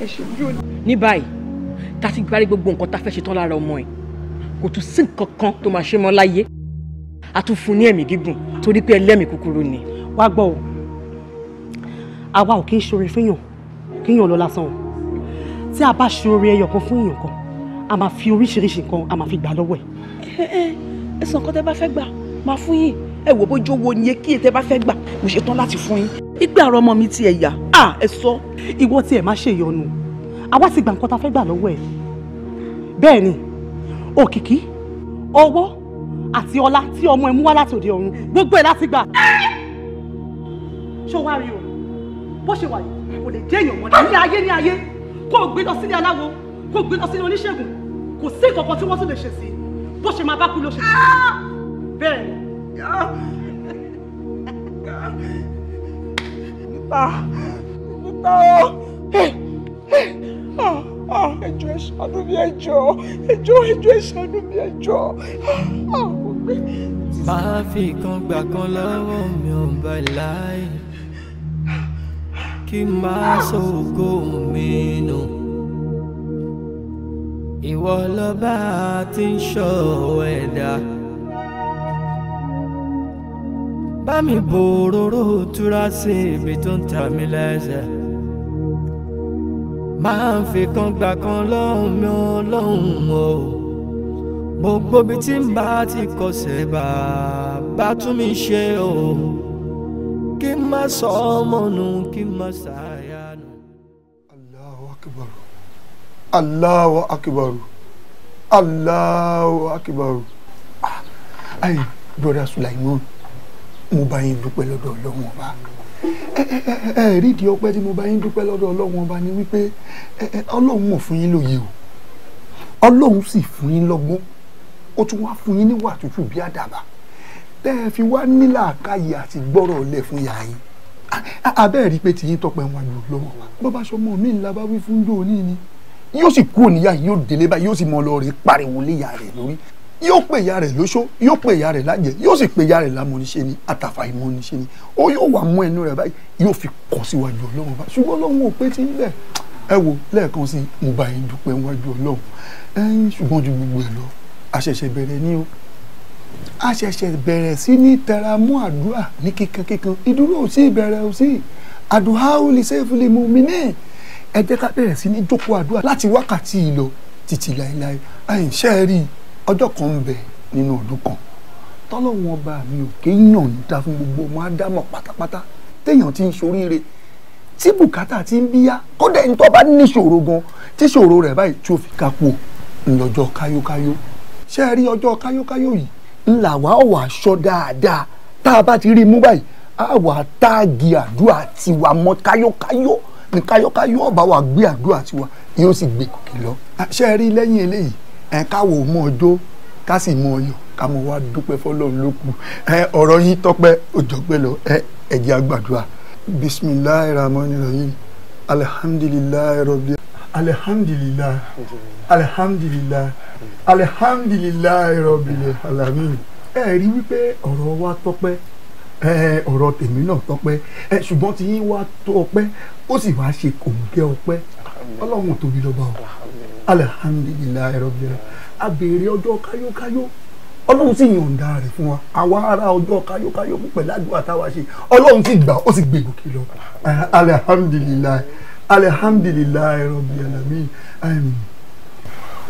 ẹ ṣé yóò. ní báyìí tá a ti gbárí gbogbo nǹkan tá a fẹ́ ṣe tán lára ọmọ ẹ̀ kò tún sí nǹkan kan tó máa ṣe mọ́ láyé a tún fún ní ẹ̀mí gígùn torí pé ẹlẹ́mìí kúkúrú ni. wá gbọ́ o àwa ò kí ń ṣoore fẹ́yàn kéèyàn lọ lásán o tí a bá ṣe oore ẹyọ kan fún èèyàn kan a máa fi oríṣiríṣi nǹkan a máa fi gbà lọ́wọ́ ẹ̀. ẹ ẹ ẹ sàn kan tẹ bá fẹ́ gbà máa fún yín ẹ wò bójú wo ni kí ẹ tẹ bá fẹ́ gbà mo ṣe tán láti fún yín. ìgbà àrọ ọmọ mi ti ẹ̀ yà á ẹ sọ. ìwọ tí ẹ má ṣe ìyọnu àwa ti gbà nǹkan ta fẹ́ gbà lọ́wọ́ ẹ̀ bẹ́ẹ̀ ni òkìkí ọwọ́ àti ọlá tí ọmọ ẹ mú wá láti òde ọ̀run gbogbo ẹ̀ láti gbà. ṣó wá rí o bó ṣe wà yìí kò lè jẹ́ èèyàn mọ̀lẹ́ ní ayé ní ayé kó o gbé lọ sílé aláwo kó o gbé lọ sílé oníṣègùn kò sí ìkọ̀kọ̀ tí wọ́n tún lè ṣe sí bó ṣe máa bá kú ló ṣe sí bẹ́ẹ̀ ni. níta níta o ah, ah, ẹjọ́ ẹ ṣàánú mi ẹjọ́ ẹjọ́ ẹjọ́ ẹ ṣàánú mi ah, fi kan gbà kan lọ́wọ́ mi ò bá láì kí n máa ṣògo mi nù. ìwọ lọ́ba tí ń mi bòróró túra sí ibi tó ń ta mi lẹ́sẹ̀. máa ń fi kan gbà kan lọ́hùn mi ọlọ́hùn o. gbogbo ibi tí n ti kọsẹ̀ bá ba bá tún mi ṣe o. Oh kí n má sọ ọmọ nù kí n má ṣàyà Allahu akbar Allahu akbar Allahu akbar ah, ayi broda Sulaiman mo bá yín dúpẹ́ lọ́dọ̀ ọlọ́run ọba ẹ̀ẹ́dì ọpẹ́ tí mo bá yín dúpẹ́ lọ́dọ̀ ọlọ́run ọba ni wípé ọlọ́run mọ̀ fún yín lóye o ọlọ́run sì fún yín lọ́gbọ́n ó tún wá fún yín níwà tútù bí àdàbà tẹ́ ẹ fi wá nílà káyè àti gbọ́rọ̀ lẹ̀ fún ìyá yín abẹ́ẹ̀ rí pé tìyín tọpẹ́ wọn lò lọ́wọ́ bọ́bá sọmọ mi ńlá bá wí fún dòní ni yóò sì kúrò níyà yóò délé báyìí yóò sì mọ lọ rè pariwo lé ìyá rẹ̀ lórí yóò pè ìyá rẹ̀ lóṣó yóò pè ìyá rẹ̀ lájẹ yóò sì pè ìyá rẹ̀ lámọ̀níṣe ni àtàfà ìmọ̀níṣe ni ó yóò wà mú ẹnu rẹ̀ báyìí yóò fi kọ̀ síwájú ọlọ́run bá ṣùgbọ́n ọlọ́run ò pé tí ń bẹ̀ ẹ wo lẹ́ẹ̀kan sí mo bá yín dúpẹ́ wájú ọlọ́run ṣùgbọ́n ju gbogbo ẹ̀ lọ àṣẹ̀ṣẹ̀ bẹ̀rẹ̀ ni o a ṣẹ̀ṣẹ̀ bẹ̀rẹ̀ sí ní tẹra mọ́ àdúrà ní kíkankíkan ìdúró ò sí ìbẹ̀rẹ̀ ò sí àdúrà ò lè ṣe é fún lè mú mi náà ẹ jẹ́ ká bẹ̀rẹ̀ sí ní jókòó àdúrà láti wákàtí yìí lọ títí láéláé àyìnṣẹ́ rí ọjọ́ kan ń bẹ nínú ọdún kan tọ́lọ́wọ́n ọba mi ò kéèyàn ń da fún gbogbo ọmọ ádámọ̀ pátápátá téèyàn ti ń ṣoríire tí bùkátà ti ń bíyá kódà ẹni tó bá níṣòro gan ńlá wa ọ̀ wá aṣọ dáadáa tá a bá ti rí i mú báyìí á wà á táàgì àdúrà tiwa mọ́ káyọ́káyọ́ ní káyọ́káyọ́ ọba wa gbé àdúrà tiwa yóò sì gbé kòkè lọ. ṣé ẹ rí lẹ́yìn eléyìí ẹ̀ káwọ́ ò mọ̀ ọjọ́ ká sì mọ̀ ọyọ̀ ká mọ̀ wá dúpẹ́ fọlọ́run ló kù ọ̀rọ̀ yín tọ́pẹ́ òjọ́pẹ́ lọ ẹ ẹ jẹ́ á rahim alihamdulilayi rabbi alihamdulilayi alihamdulilayi alihamdulilayi rọbìlẹ alamin ẹ rí wípé ọ̀rọ̀ wa tọ́pẹ́ ọ̀rọ̀ tèmi náà tọ́pẹ́ ṣùgbọ́n tí yín wá tó ọpẹ́ ó sì wá ṣe kòǹgẹ́ ọpẹ́ ọlọ́run ò tóbi lọ́ba o alihamdulilayi rọbìlẹ abèrè ọjọ́ káyókáyó ọlọ́run sì yọ̀ǹda rẹ̀ fún wa àwa ará ọjọ́ káyókáyó pẹ̀lú àdúrà táwa ṣe ọlọ́run sì gbà ó sì gbé gòkè lọ alihamdulilayi alihamdulilayi rọbìlẹ alamin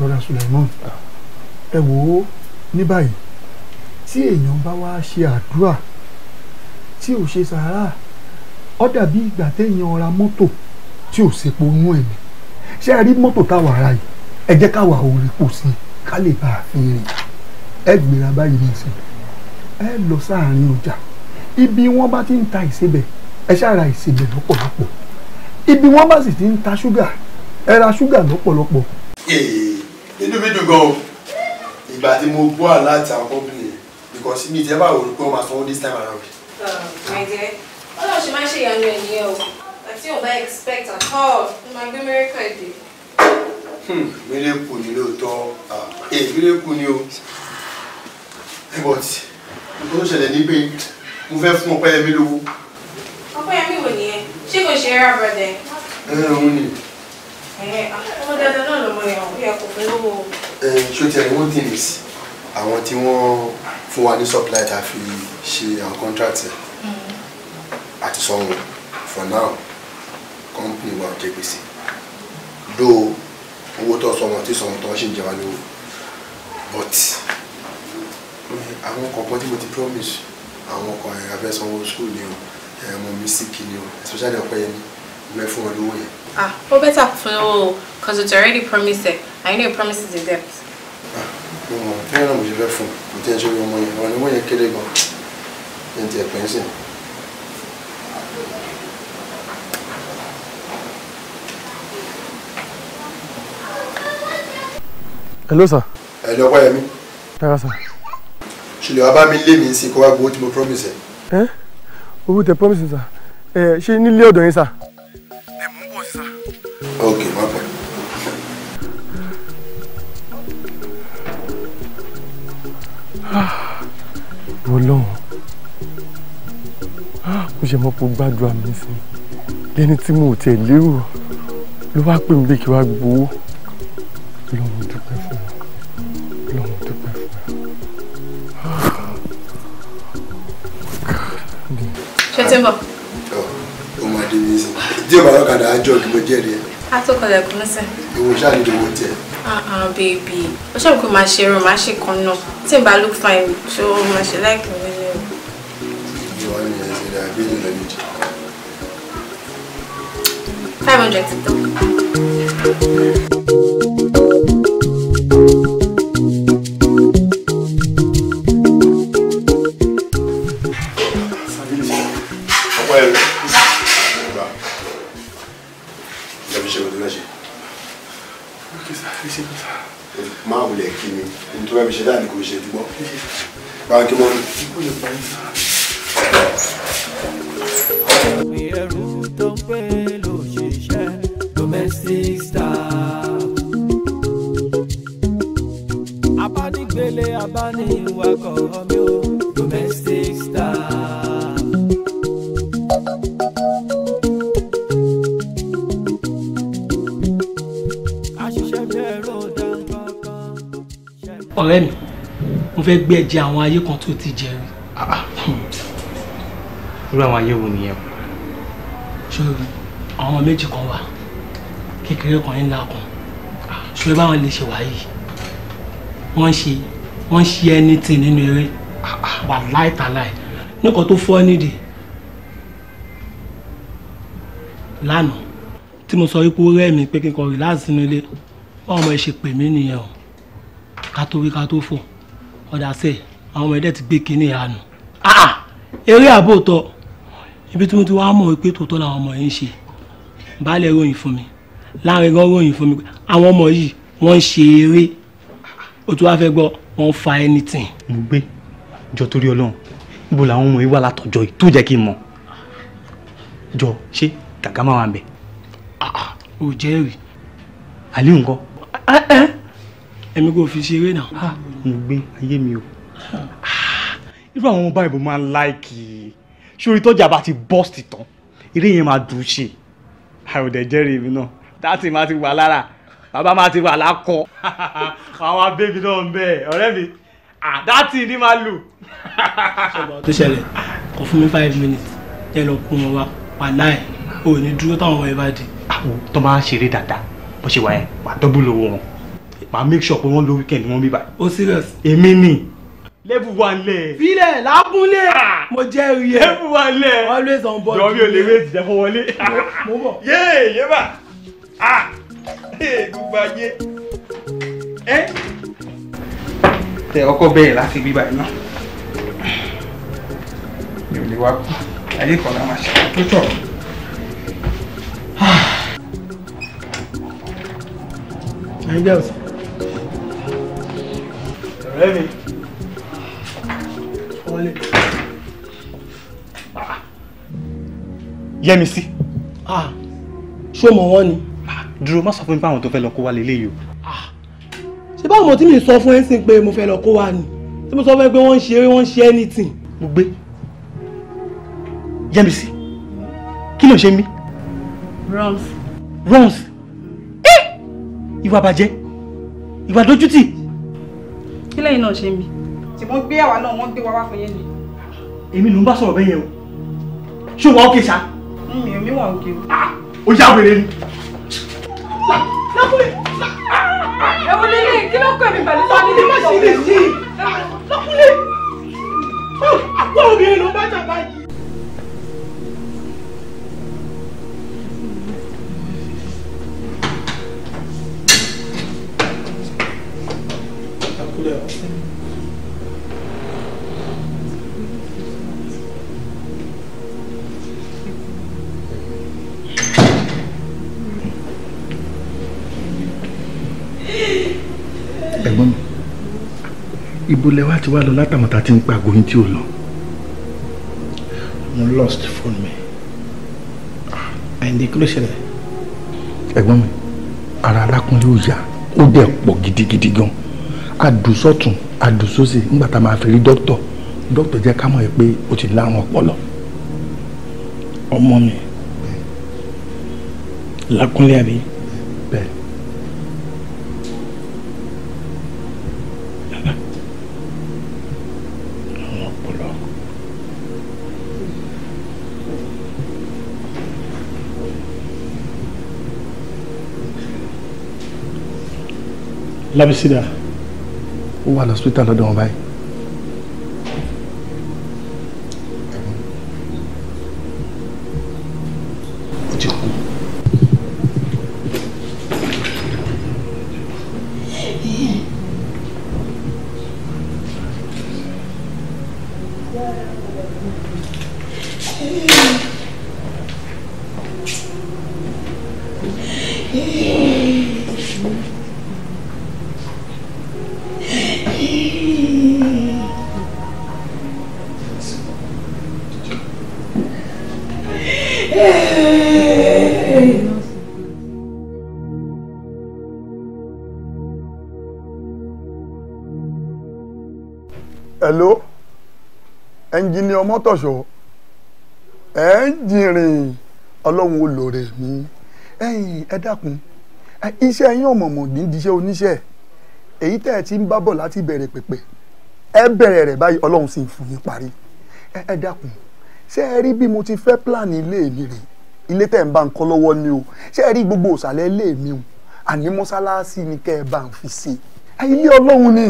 rọra Sulaiman ah. ẹ wò ó ní báyìí tí èèyàn bá wá ṣe àdúrà tí ò ṣe sàárà ó dàbí ìgbà téèyàn ra mọ́tò tí ò sepo inú ẹ̀ ni ṣé ẹ rí mọ́tò táwa ara yìí ẹ jẹ́ káwa ò pò sí ká lè bá a fi rìn ẹ gbéra báyìí ní ìsìn ẹ lọ sáàárín ọjà ibi wọ́n bá ti ń ta ìsebẹ̀ ẹ ṣáà ra ìsebẹ̀ ibi wọ́n bá sì ti ń ta ṣúgà ẹ ra ṣúgà lọ́pọ̀lọpọ̀ inú mi dùn gan o ìgbà tí mo gbọ́ àlá àti àwọn kọ́mpìnì yẹn because mi ti ẹ bá wò ó pé wọ́n máa sanwó this time around. Oh, my dear ọlọ́run ṣe máa ń ṣe ìyanu ẹ̀ nìyẹn o àti ọba expect at all ló máa gbé mẹ́ríkà èdè. mílíkù ni lóòótọ́ ẹ ah, eh, mílíkù ni o eh, but nǹkan tó ṣẹlẹ̀ ní pé mo fẹ́ fún ọpẹ́yẹmí lówó. ọpẹ́yẹmí wò nìyẹn ṣé kò ṣe é rà bọ̀dẹ̀. ẹ ẹ òun ni ṣó ti ẹni one thing is àwọn tí wọ́n fún wa ní supply ta fi ṣe àwọn contract ẹ̀ mm-hmm. àti sanwó for now company wa jẹ gbèsè do owó tó sanwó tí sanwó tó ṣì ń jẹ wá lówó but àwọn kọ̀ọ̀kan tí mo ti promise àwọn ọkọ̀ ẹ̀ abẹ́sanwó school ni o ẹ̀ mọ̀ mí sí kí ni o especially ọ̀pẹ́ yẹn ni mẹ fún ọ ah ó better fún o cause it's already promised i know promises is debt. Ah, mo mọ fẹ́ràn mo ṣe fẹ́ fún mo ti ẹ ṣe ọmọ yẹn ọ̀rọ̀ níwọ̀n yẹn kéré gan ẹ̀ ń tiẹ̀ ń sìn. hello sir. ẹ lọ wá yẹmi. ẹ wá sir. ṣùlẹ̀ wàá bá mi lé mi sí kó wá gbowó tí mo promise ẹ. ẹ owó tẹ promise sir ẹ ṣe nílé ọ̀dọ̀ yín sir ok má pẹ́. Ah, ọlọ́run mo ah, ṣe mọ́ pé gbàdúrà mi sí lẹ́ni tí mo tẹ̀ lérò ló wá pè mí bí kí wá gbowó ọlọ́run dúpẹ́ fún mi. Ah, September. Ó máa dé ní sè. Díẹ̀ bàbá kàdá àjọ kí jẹ́rìí a tó kọlẹ̀ kún lọ́sẹ̀. ìwọ ṣáà ní ìwọ tiẹ̀. Ah, ah baby ó ṣàbí pé màá ṣe irun màá ṣe kan náà tí n bá look fine ṣó màá ṣe láìpẹ́ wẹ́lẹ́ o. ìwọ ni ẹ ṣe dàbí ìlú méjì. five hundred ti tó. bá mi ṣe dáa ni kò ṣe dúgbọ́ báwọn kí mọ́ ọ̀rẹ́ mi mo fẹ́ gbé ẹ̀jẹ̀ àwọn ayé kan tó ti jẹ rí. Ah, ah, hmm. irú àwọn ayé wo nìyẹn. sórí àwọn méjì kan wà kékeré kan ńlá kan sórí ah, báwọn lè ṣe wáyé wọ́n ṣe wọ́n ṣe anything nínú eré wà láìtàláì nǹkan tó fọ́ nídìí lánàá tí mo sọ wípé ó rẹ́ mi pé kí n kọ rìláàsì nílé wọ́n ọmọ ẹ ṣe pè mí nìyẹn o ká tó wí ká tó fọ̀ ọ̀dà sẹ̀ àwọn ọmọ ẹ̀dẹ́ ti gbé kínní àánú ah, ah, eré àbò tọ̀ ibi tí mo ti wá mọ̀ pé tòótọ́ làwọn ọmọ yìí ń ṣe baálé ròyìn fún mi láàrin gan ròyìn fún mi pé àwọn ọmọ yìí wọ́n ń ṣe eré o tún wá fẹ́ gbọ́ wọ́n ń fa anything. mo gbé jọ torí Ọlọ́run níbo làwọn ọmọ yìí wà látọjọ́ yìí tó jẹ́ kí n mọ̀ jọ ṣé kàkà máa wà ń bẹ̀. ò jẹ́rìí. àlè ńkọ́. ẹ eh, ẹ eh, èmi kò fi ṣeré náà. ha ah, mo gbé ayé mi o irú àwọn ọmọ báyìí mo máa ń láìkì sórí tọ́jà bá ti bọ́ọ̀sì tán eré yẹn máa dùn ṣe àròdẹ̀ jẹ́rìí mi náà dáàtì máa ti wà lára bàbá máa ti wà lákọ (laughs) àwọn abébí náà ń bẹ ọ̀rẹ́ mi àdáàtì ni máa lù. tó ṣẹlẹ̀ kò fún mi five minutes jẹ́ lọ kún wọn wá wà láì ò ní dúró táwọn ọmọ yẹn bá di. àwọn ah, tó máa ń ṣeré dáadáa bó ṣe wà yẹn wà dọ́bù lọ́wọ́ wọn màá make sure pé wọ́n lo weekend wọn bí báyìí. o serious. èmi ni level one lẹ. filẹ labunle. Ah! mo jẹ iye. level one lẹ. always on board. jọ mi ò lè wé ìjẹ́ fún wọlé. mo bọ̀. yéè yéba ah gbogbo ayé ẹ. Eh? ọkọ bẹ́ẹ̀ láti bí báyìí náà mi ò lè wá kú ayé kan náà máa ṣe tó tọ̀. Ah! Hey girls ọ̀rẹ́ mi wọlé. Ah. Yẹ́misí. Ah. ṣé o mọ̀ wọ́n ni. Ah, dúró má sọ fún mi báwọn tó fẹ́ lọ kó wa lélẹ́yìí o. ṣé báwọn ọmọ tí mi sọ fún ẹ sìn pé mo fẹ́ lọ kó wa ni tí mo sọ fún ẹ pé wọ́n ń ṣeré wọ́n ń ṣe anything. mo gbé Yẹ́misí kí ló ṣe mí. runs. runs. Eh! ìwà bàjẹ́ ìwà dójútì kí lẹ́yìn náà ṣe ń bi. tí wọ́n gbé àwa náà wọ́n gbé wa wá fún yín ni. èmi ló ń bá sọ̀rọ̀ bẹ́ẹ̀ yẹn o ṣé wàá òkè ṣá. mi ò mi wà òkè o. Ah! ó yá wèrè ni. lọ́kùnrin ẹ̀wọ̀n lè lè kí ló kọ́ mi pẹ̀lú sọ́ọ́ nílé ìjọba. lọ́kùnrin lọ́kùnrin ah! àwọn obìnrin ló bá jà báyìí. problem. ẹ̀gbọ́n mi ibo lẹ wá ti wá lọ látàmọ́ta tí ń pa àgbo tí ò lọ. mo lost phone mi àyìndé kí ló ṣẹlẹ̀. ẹ̀gbọ́n mi ara alákùnrin ò yá ó dẹ̀ pọ̀ gidigidi gan-an ká dùn sọ́tún àdùn sósì nígbà tá a máa fi rí dókítọ̀ dókítọ̀ jẹ́ ká mọ̀ pé o ti lárùn ọpọlọ ọmọ mi lakunle àbí bẹ́ẹ̀ bàbá lárùn ọpọlọ. labisida ó wà lọ́sítà lọ́dọ̀ wọn báyìí. tọ̀ṣọ́ ẹ̀ ń jìnrìn ọlọ́run olóore mi ẹ̀yìn ẹ dákun iṣẹ́ yín ọ̀mọ̀mọ̀ ní díṣẹ́ oníṣẹ́ èyí tẹ́ ẹ ti ń bá bọ̀ láti bẹ̀rẹ̀ pẹ̀pẹ̀ ẹ bẹ̀rẹ̀ rẹ̀ báyìí ọlọ́run sì ń fún yín parí ẹ dákun ṣé ẹ rí bí mo ti fẹ́ plan ilé mi rè ilé tẹ́ ń bá ń kọ́ lọ́wọ́ ni o ṣé ẹ rí gbogbo òsàlẹ̀ ilé mi o àní mọ́sálásí ni kẹ́ ẹ bá ń fi sí ilé ọlọ́run ni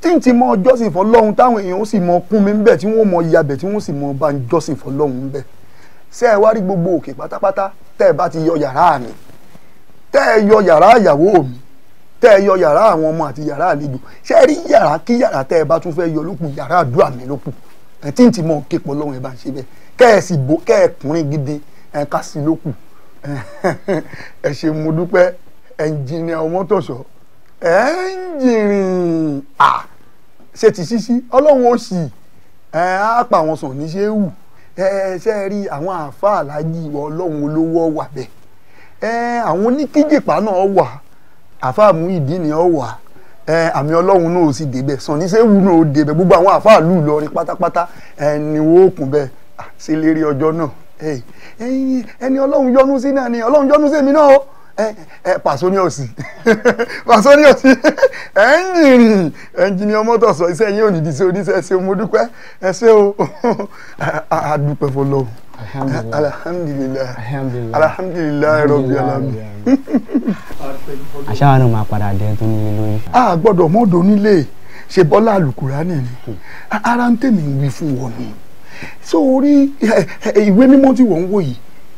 tí n ti mọ jọ́sìn fọlọ́hún táwọn èèyàn ó sì mọ kún mi ńbẹ̀ tí wọ́n mọ yabẹ̀ tí wọ́n sì mọ bá ń jọ́sìn fọlọ́hún ńbẹ̀ ṣé ẹ wá rí gbogbo òkè pátápátá tẹ́ ẹ bá ti yọ yàrá mi tẹ́ ẹ yọ yàrá ìyàwó mi tẹ́ ẹ yọ yàrá àwọn ọmọ àti yàrá àlejò ṣé ẹ rí yàrá kí yàrá tẹ́ ẹ bá tún fẹ́ yọ lókun yàrá àdúrà mi lókun ẹ tí n ti mọ òkè lọ́hún ẹ bá ń ṣe bẹ́ẹ̀ kẹ́ (laughs) ẹ́ńjìnrìn à ṣe ti ṣíṣí ọlọ́run ó sì á pa àwọn sàn ní ṣéwù ẹ̀ ṣe rí àwọn àáfàá aláàjì ọlọ́run olówó wà bẹ́ẹ̀ àwọn oníkíjìpá náà wà àáfàá mú ìdí ni ọ wà àmì ọlọ́run náà ó sì débẹ̀ sàn ní ṣéwù náà ó débẹ̀ gbogbo àwọn àáfàá lù lọrin pátápátá ẹ̀ ni wọ́n kún bẹ́ẹ̀ ṣe lérí ọjọ́ náà ẹni ọlọ́run yọ́nú sí náà ni ọlọ́run yọ́nú sí èmi náà o. pàṣọ ní òsì (laughs) pàṣọ ní òsì (laughs) ẹ̀ńjìnì ẹ̀ńjìnì mọ́tò sọ iṣẹ́ yín ò ní díṣe oníṣẹ́ ṣe mo dúpẹ́ ẹ ṣé o àdúpẹ́ fọlọ́ alhamdulilayi alhamdulilayi rọ̀bì alámi. àṣà náà máa padà dé tó nílé lórí. a gbọ́dọ̀ mọ́dọ̀ nílé ṣe bọ́lá àlùkùránì ni hmm. ara ń tèmi wí fún wọn ni sórí ìwé mímọ́ tí wọ́n ń wò yìí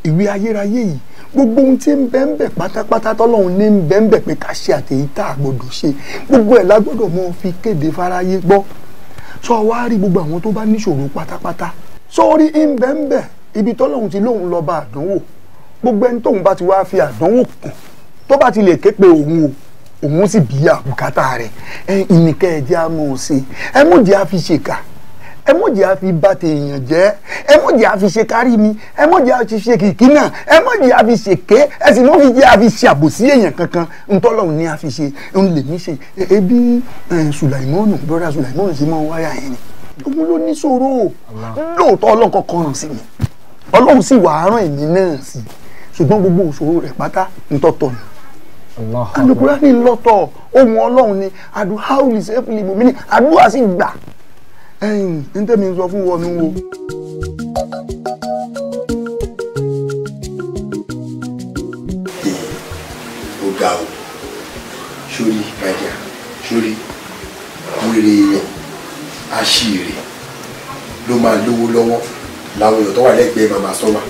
ìwé ayérayé yìí gbogbo ohun tí ń bẹ ń bẹ pátápátá tọ́lọ́run ní ń bẹ ń bẹ pé ká ṣe àtẹ̀yí tá a gbọ́dọ̀ ṣe gbogbo ẹ̀ lágbọ́dọ̀ mọ́ fi kéde fáráyé gbọ́ sọ wá rí gbogbo àwọn tó bá níṣòro pátápátá sórí ń bẹ ń bẹ ibi tọ́lọ́run ti lóun lọ́ba àdánwò gbogbo ẹni tóun bá ti wá fi àdánwò kàn tó bá ti lè ké pe òun o òun sì bí àbùkátà rẹ̀ ẹ̀ ìnìkẹ́ ẹ̀ jẹ́ àmọ́ òsè ẹ̀ mú jẹ́ àfi ṣèkà ẹ mọ̀jẹ̀ á fi bá tèèyàn jẹ́ ẹ mọ̀jẹ̀ á fi ṣe kárí mi ẹ mọ̀jẹ̀ á fi ṣe kìkì náà ẹ mọ̀jẹ̀ á fi ṣèké ẹ sì mọ̀ fi jẹ́ á ṣe àbòsí èèyàn kankan ntọ́lọ́hún ni á fi ṣe ń lè mí ṣe e, ebi e, sùlàìmọ́nù brọ́dà sùlàìmọ́nù sí mọ́ wáyà yẹn ni òun ló ní ṣòro lóòótọ́ ọlọ́run kọ́kọ́ ràn sí mi ọlọ́run sì wàá ràn èmi náà sí ṣùgbọ́n gbogbo òṣòro ni alukurani lọ́tọ̀ ohun Ọlọ́run ni aduhawuli sefili mumini àdúà sì gbà ẹ̀yìn ní tèmi sọ fún wọn wo. ó ga o sórí kájà sórí wúrere èèyàn àṣìírí ló máa lówó lọ́wọ́ làwọn èèyàn tó wà lẹ́gbẹ̀ẹ́ màmá sọ́mà.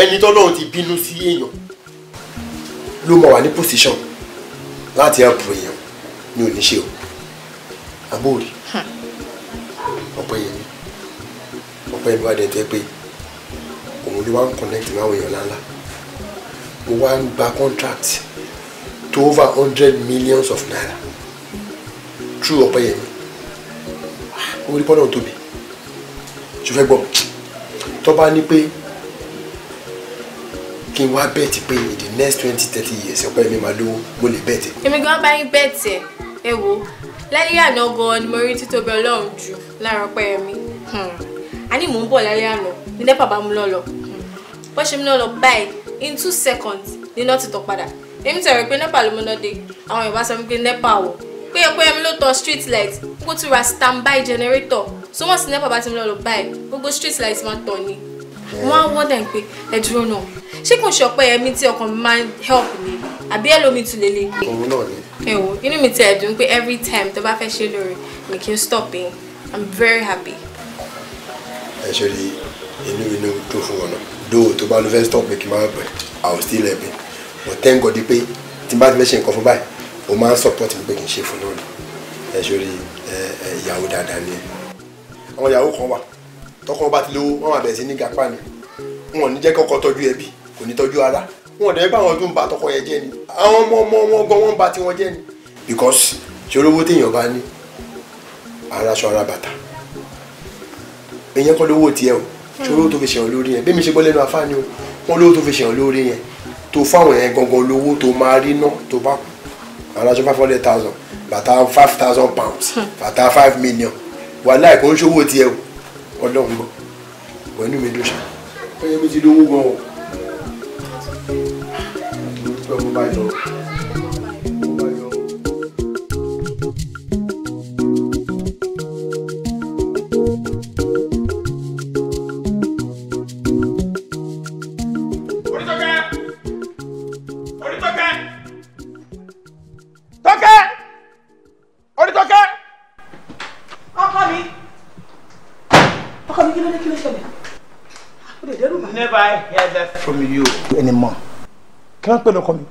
ẹni tọ́lọ́run ti bínú sí èèyàn ló máa wà ní pòsíṣàn láti ẹ̀pù èèyàn ní oníṣẹ́ o àbórí ọpẹ́yẹmí ọpẹ́yẹmí wà dẹ́tẹ́ pé òun ló wá ń connect ní àwọn èèyàn ńláńlá mo wá ń gba contract to over hundred millions of naira through ọpẹ́yẹmí ah, orí pọ́nà tóbi ṣùfẹ́ gbọ́ tó bá ní pé kí n wá bẹ́ẹ̀tì pé in the next twenty thirty years ọpẹ́yẹmí máa lówó mo lè bẹ́ẹ̀tì. èmi gan bá yín bẹ́ẹ̀tì ẹ wo lálẹ́ àná gan-an ni mo rí títóbi ọlọ́run jù láàárọ̀ pẹ́ mi hmm. a ní mò ń bọ̀ lálẹ́ àná ní nẹ́pà bá mú lọ́lọ́ hmm. bó ṣe mú lọ́lọ́ báyìí in two seconds ní náà ti tọ̀ padà èmi tẹ̀rẹ̀ pé nẹ́pà ló mú náà dé àwọn Yorùbá sọ pé nẹ́pà wọ̀ pé ẹ̀pẹ́ mi ló tọ street light kó tún ra standby generator so wọ́n sì nẹ́pà bá ti mú lọ́lọ́ báyìí gbogbo street light máa tọ̀ ni wọ́n á wọ́n dàn pé ẹ dúró náà ṣé kò ṣọpẹ́ ẹ̀mí tí ọkàn mi máa ń help mi àbí ẹ̀ lómi tún lélẹ̀. òun náà ni ẹ you know me. ti ẹ̀dùn pé every time tó bá fẹ́ ṣe lóore mi stop being i'm very happy. Actually, you know, you inú tó fún ọ náà dóò tó bá ló stop mi kì í i will still help but thank God pé pay. The bá ti fẹ́ ṣe nǹkan fún báyìí o support mi making kì í ṣe fún náà ẹ ṣe rí ìyàwó dáadáa ni àwọn ìyàwó kan wà tọkọ bá ti lówó wọn máa bẹ̀rẹ̀ sí ní gapá ni wọn ò ní jẹ́ kọ́kọ́ tọ́jú ẹbí kò ní wọn ò dẹ́ pé àwọn tó ba tọkọ yẹn jẹ́ ni àwọn ọmọ ọmọ wọn gan wọn ń ba tiwọn jẹ́ ni. because ṣé olówó téèyàn bá ní aráṣọ ara bàtà èèyàn kan lówó tiẹ̀ o ṣé olówó tó fi ṣẹ̀wọ̀n lórí yẹn bí mi ṣe gbọ́ lẹ́nu afáàní o wọn lówó tó fi ṣẹ̀wọ̀n lórí yẹn tó fáwọn yẹn gangan lówó tó máa rí ná tó bá kú aráṣọ five hundred thousand bàtà five thousand pounds bàtà five million wàhálà ìkànnì ṣòwò tiẹ̀ o ọlọ́run gbọ́ pẹ̀lú mi ló ṣe. ó yẹ mi ti lówó gan o. Vamos, vai, náà pè lọ́kọ mi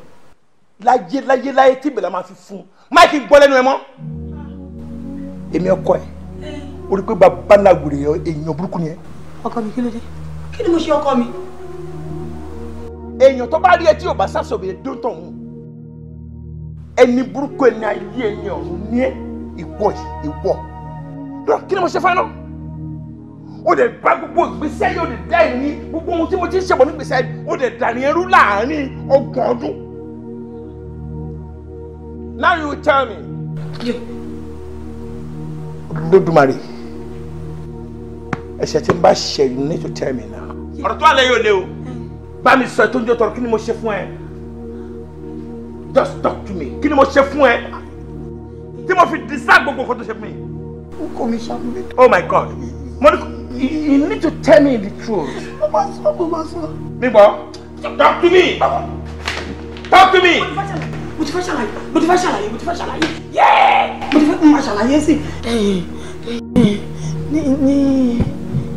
láyé láyé láyé tí ìbẹ̀lẹ̀ máa fi fún un máìkì gbọ́ lẹ́nu ẹ mọ́ èmi ọkọ ẹ o rí pé bàbá ńlá gbèrè èèyàn burúkú ni ẹ. ọkọ mi kí ló dé kí ni mo ṣe ọkọ mi. èèyàn tó bá rí ẹ tí ò bá sàṣọbẹ dóńtọ̀ hùn ẹni burúkú ẹni ayé ẹni ọ̀run ní ẹ ìwọ ìwọ kí ni mo ṣe fáná ó dẹ̀ bá gbogbo ìgbésí ayé ó dẹ̀ dá ẹ̀mí gbogbo ohun tí mo ti ń ṣẹ̀bọ̀ nígbésí ayé ó dẹ̀ dà ní ẹrú láàárín ọgbọ̀n ọdún. now you tell me. lódùmarè ẹ̀ṣẹ̀ tí n bá ṣe you need to tell me now. ọ̀rọ̀ tó àlẹ́ yóò lé o. Hmm. bá mi sọ ètò oúnjẹ tọrọ kí ni mo ṣe fún ẹ just talk to me kí ni mo ṣe fún ẹ tí mo fi deserve gbogbo nǹkan tó ṣe fún mi. o kò mi ṣàkóso. oh my god you, need to tell me the truth. Mama sọ, mama sọ. Nígbà, talk to me. Talk to me. Mo ti fẹ́ ṣàlàyé, Yeah. ti fẹ́ ṣàlàyé, mo ti fẹ́ ṣàlàyé. Mo ti fẹ́ máa ṣàlàyé sí. Ní ní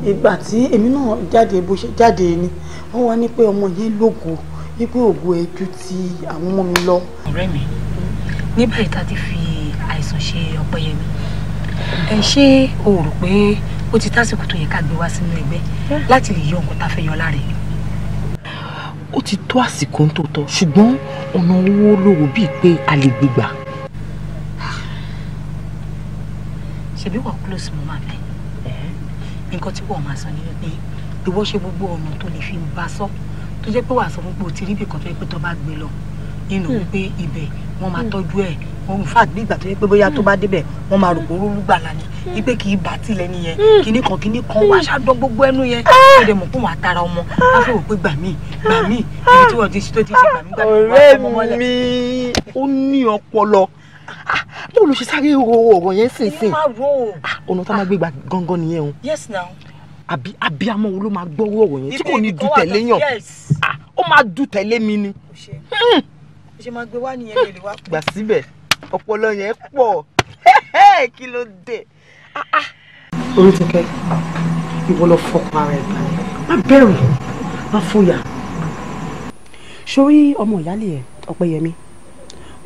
ìgbà tí èmi ni jáde bó ṣe jáde ni, wọ́n wá ní pé ọmọ yẹn lógo, ti àwọn ọmọ mi lọ. Ọ̀rẹ́ mi, níbẹ̀ ta ti fi àìsàn ṣe ọpẹ́yẹmí. Ẹ ṣé o rò pé o ti tásìkò tó yẹ ká gbé wá sínú ẹgbẹ́ láti lè yọ nǹkan tá a fẹ́ yọ lára ẹ̀. ó ti tó àsìkò ń tòótọ́ ṣùgbọ́n ọ̀nà owó lòwò bíi pé a lè gbégbà. ṣebí wà close mọ́ máa bẹ̀ eh? nǹkan tí wọ́n máa sọ ni wípé ìwọ ṣe gbogbo ọ̀nà tó lè fi bá sọ tó jẹ́ pé wàá sọ gbogbo òtírí ibì kan tó yẹ pé tó bá gbé lọ nínú wípé hmm. ibẹ̀ wọ́n máa tọ́jú ẹ̀ in fact bí ìgbà tó yẹ pé bóyá tó bá hmm. débẹ̀ wọ́n máa rò pé olólùgbàlà ni hmm. wípé kì í bá tilẹ̀ nìyẹn hmm. kíní kan kíní kan wá ṣáàdán gbogbo ẹnu yẹn ó ah. dẹ̀ mọ̀ pé wọ́n àtàrà ọmọ á fẹ́ wò pé gbà mí gbà mí ah. ibi tí wọ́n ti ṣe tó ti ṣe gbà mí gbà mí wọ́n fọmọ mi ó ní ọpọlọ báwo ló ṣe sáré ro ọ̀rọ̀ yẹn sìn sìn ah, ọ̀nà tá a máa gbé gbà gangan nìyẹn o yes now àbí abiyamọ wo ló máa gbọ́ ọ̀rọ̀ yẹn tí kò ní dùtẹ̀ léyàn ó máa dùtẹ̀ lé mi ni ṣe máa gbé wá nìyẹn lè rí wá. gbà síbẹ̀ ọpọlọ yẹn pọ̀ (laughs) kí ló dé. Ah, ah. orí ti kẹ́ ìwọ lọ fọkàn ara ẹ̀ balẹ̀ má bẹ̀rù má fòyà. sórí ọmọ ìyáálé ẹ ọpẹ́yẹmí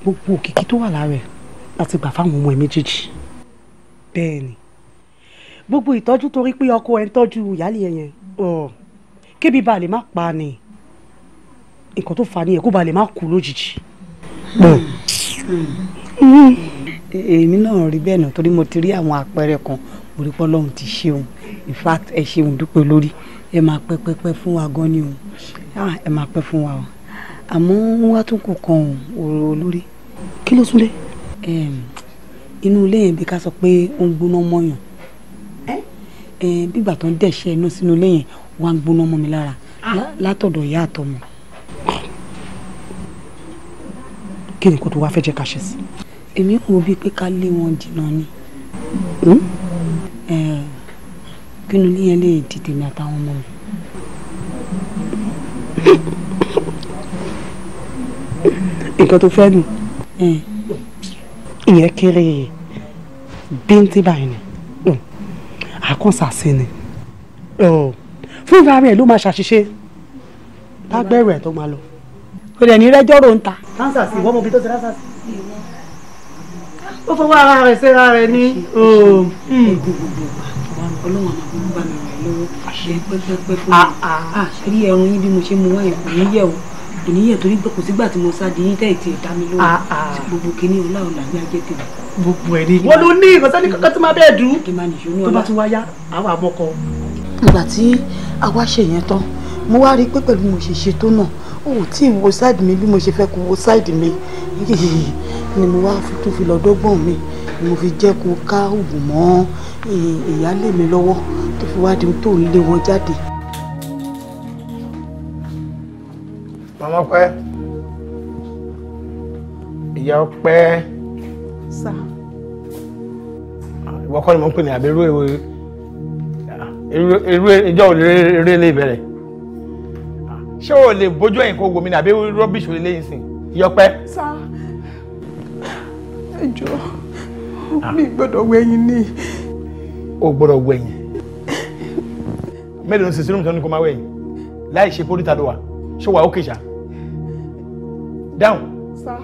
gbogbo òkìkí tó wà lára ẹ láti gbà fáwọn ọmọ ẹ méjèèjì bẹ́ẹ̀ ni gbogbo ìtọ́jú torí pé ọkọ ẹ ń tọ́jú ìyáálé ẹ yẹn kébi bá má pa ni nǹkan tó fà nìyẹn kó ba lè má kú lójijì. Hmm. èmi náà rí bẹ́ẹ̀ náà torí mo ti rí àwọn àpẹẹrẹ kan orípọ́ lọ́hùn ti ṣeun in fact ẹ ṣeun dúpẹ́ lórí ẹ máa pẹ́ pẹ́pẹ́ fún wa gan ni o ah, ẹ máa pẹ́ fún wa o àmọ́ wá tún kù kan òrò olórí. kí ló tún dé. Ehm, inú ilé yẹn bí ká sọ pé ó ń gbóná mọ́yàn ehm, bígbà tó ń dẹ̀ṣẹ́ iná sínú ilé yẹn wá ń gbóná mọ́ mi lára ah. látọ̀dọ̀ ìyá àtọmọ. kí ni kò tó wá fẹ́ jẹ́ ká ṣe sí. èmi kò bíi pé ká lé wọn jìnnà ni hmm? kí ni ilé yẹn lè dìde ní àtàwọn ọmọ mi. nǹkan tó fẹ́ nù ìyẹn kéré bíntín báyìí ni hmm. àkànṣàṣe ni fún ìfẹ́ rẹ̀ ló máa ṣàṣìṣe lágbẹ̀rẹ̀ tó máa lọ kò dẹ̀ ní rẹ́jọ́ ro ń ta. ránṣà sí ìwọ́n mo bi tó ti ránṣà sí. ó fọwọ́ ara rẹ̀ ṣe ara rẹ̀ ní. ọlọ́wọ́n àwọn ọmọ bá mi àṣírí ẹran yín bí mo ṣe mú wáyà kò ní yẹ̀ o kò ní yẹ̀ torí kò sígbà tí mo sáà di yín tẹ̀ tí ì dá mi lọ́wọ́ ah, ah. gbogbo kìíní ọlá ọ̀la ní ajé tèmi. gbogbo ẹ̀ ní. wọ́n ló ní ìrọ̀sẹ́ ní kankan tí máa bẹ́ẹ̀ dùn. tó bá tún wáyá àwọn àmọ́kọ. ìgbà tí àwa ṣèyẹn tán mo wá rí i pé pẹ̀lú mo ṣe ṣe tó náà o ò tí ì wo ṣáìdì mi bí mo ṣe fẹ́ kó wo ṣáìdì mi ni mo wá tún fi lọ́dọ́gbọ̀n mi ni mo fi jẹ́ kó ká oògùn mọ́ ìyáálé mi lọ́wọ́ tó fi wá di tó ń lé wọn jáde. mama pẹ́ ìyá ọpẹ́ ìwọ kọ́ ni mo ń pè ní àbí irú ìjọ òde eré ilé ìbẹ̀rẹ̀ ṣé o lè bójú ẹ̀yìn kó wo mi ní àbí rọ́bìṣì olè lẹ́yìn sìn yọpẹ́. sá ẹ jọ mi gbọ́dọ̀ wẹ̀yìn ni. o gbọ́dọ̀ wẹ̀yìn mélòó sì sínú ìtọ́ni kó máa wẹ̀yìn láì ṣe pórí tàdó wa ṣé wàá ó kèjà dáhùn. sá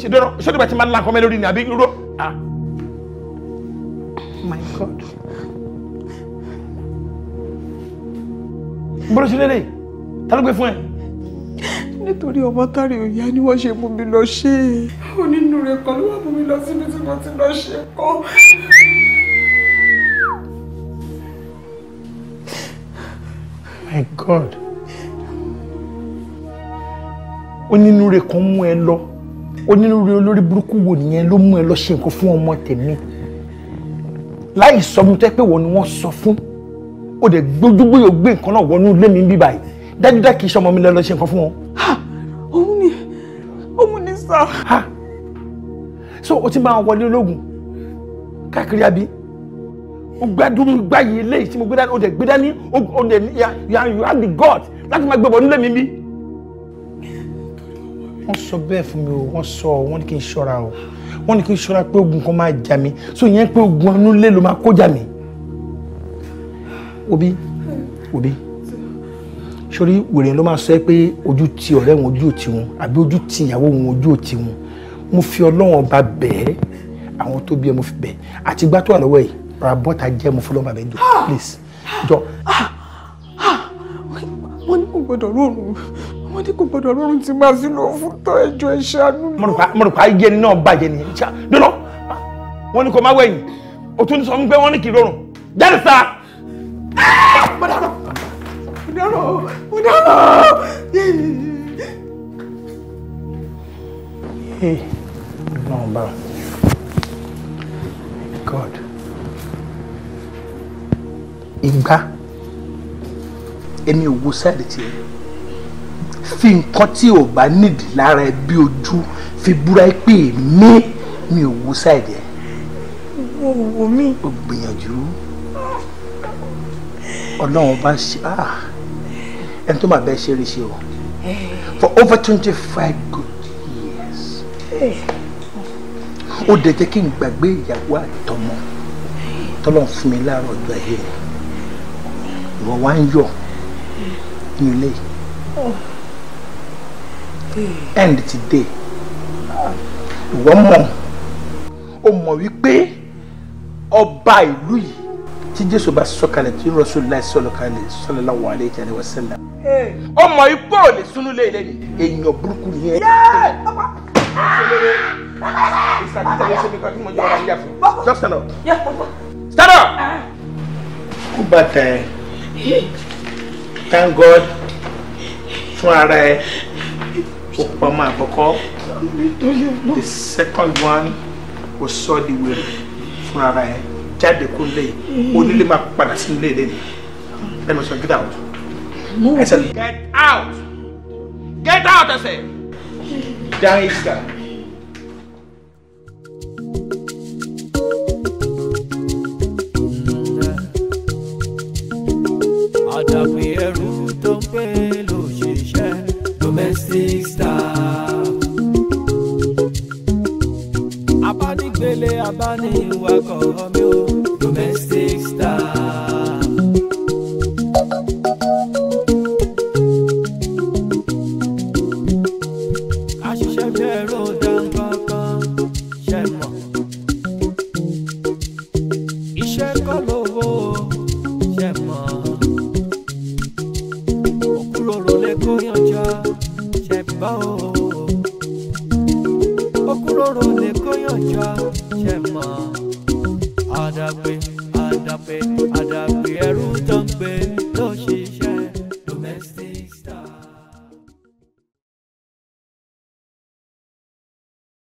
ṣe dọ́rọ̀ ṣé o ti bá ti máa ń lankọ́ mẹ́ lórí ni àbí ró. Ah. my god. bọ́dọ̀ ṣe lélẹ̀ ta ló gbé fún ẹ. nítorí ọmọ tárí òyà ni wọ́n ṣe mú mi lọ ṣe é. onínúure kan ló wà mú mi lọ síbi tí mo ti lọ ṣe kọ́. my god onínúure kan mú ẹ lọ onínúure olórí burúkú wo nìyẹn ló mú ẹ lọ ṣe nǹkan fún ọmọ tèmi láì sọ fún tẹ pé wọn ni wọ́n sọ fún ó dẹ̀ gbójúgbóyò gbé nǹkan náà wọnú ilé mi bí báyìí dájúdájú kì í ṣọmọ mi lọ ṣe nǹkan fún wọn. òun ni òun ni sá. so o ti máa wọlé ológun káàkiri àbí o gbádùn gbáyé eléyìí tí mo gbé dání o dẹ̀ gbé dání o dẹ̀ you have the God láti máa gbé wọnú ilé mi bí. wọ́n sọ bẹ́ẹ̀ fún mi o wọ́n sọ ọ wọ́n ní kí n ṣọ́ra o wọ́n ní kí n ṣọ́ra pé ogun kan máa jà mí so ìyẹn pé ogun anú lé ló máa kó jà mí obi obi sori wèrè ló máa sọ pé ojú ti ọ̀rẹ́ wọn ojú òtí wọn àbí ojú ti ìyàwó wọn ojú òtí wọn mo fi ọlọ́wọ́n ọba bẹ́ẹ̀ àwọn tó bí ẹ mo fi bẹ́ẹ̀ àti gbá tó wà lọ́wọ́ yìí ra bọ́ta jẹ́ mo fọlọ́wọ́n bàbá ẹjọ́ please jọ. wọ́n ní kò gbọ́dọ̀ rọrùn wọ́n ní kò gbọ́dọ̀ rọrùn tí máa sí lọ fún tọ́ ẹjọ́ ìṣàánú. mo rò pa ayé ẹni náà bàjẹ́ nìyẹn ṣá dọ́nà wọ́n ní kò má wẹ̀yìn òtún sọ fún pé wọ́n ní kì í rọrùn jáde sáà mo dáná mo dáná mo dáná. ọlọ́run god ìgbà èmi ò wo sáàdì ti. fi nǹkan tí ò bá nídìí lára ẹ bí ojú fi búra pé mi mi wo sáàdì ẹ. wo mi. o gbìyànjú ọlọ́run bá ń ṣe ah, ẹni tó máa bẹ ṣe rí ṣe o for over twenty five good years ó dẹ̀ jẹ́ kí n gbàgbé ìyàwó àtọmọ tọ́lọ́n fún mi láàárọ̀ ọjọ́ ayé mi ìwọ wá ń yọ̀ ní ilé end ti dé ìwọ mọ̀ ó mọ̀ wípé ọba ìlú yìí tí jésù bá sọ̀kalẹ̀ tí Rasulullahi sọ̀kalẹ̀ sallallahu alaihi wa sallam. ọmọ ipò lè sunú lé ilé èèyàn burúkú ni ẹ. Ah. stand up. Ah. kú bàtà ẹ thank god fún ara ẹ ó pa àkọ́kọ́ the second one kò sọ di wèrè fún ara ẹ jáde kó lé yìí mm-hmm. onílé máa padà sínú ilé ilé ni ẹ lọ sọ get out ẹ sẹ get out get out ẹ sẹ dáhìn ìsìkà. àdàpè ẹrù tó ń gbé ló ṣiṣẹ́ domestic star. abániwakọ̀ mi ò domestic star.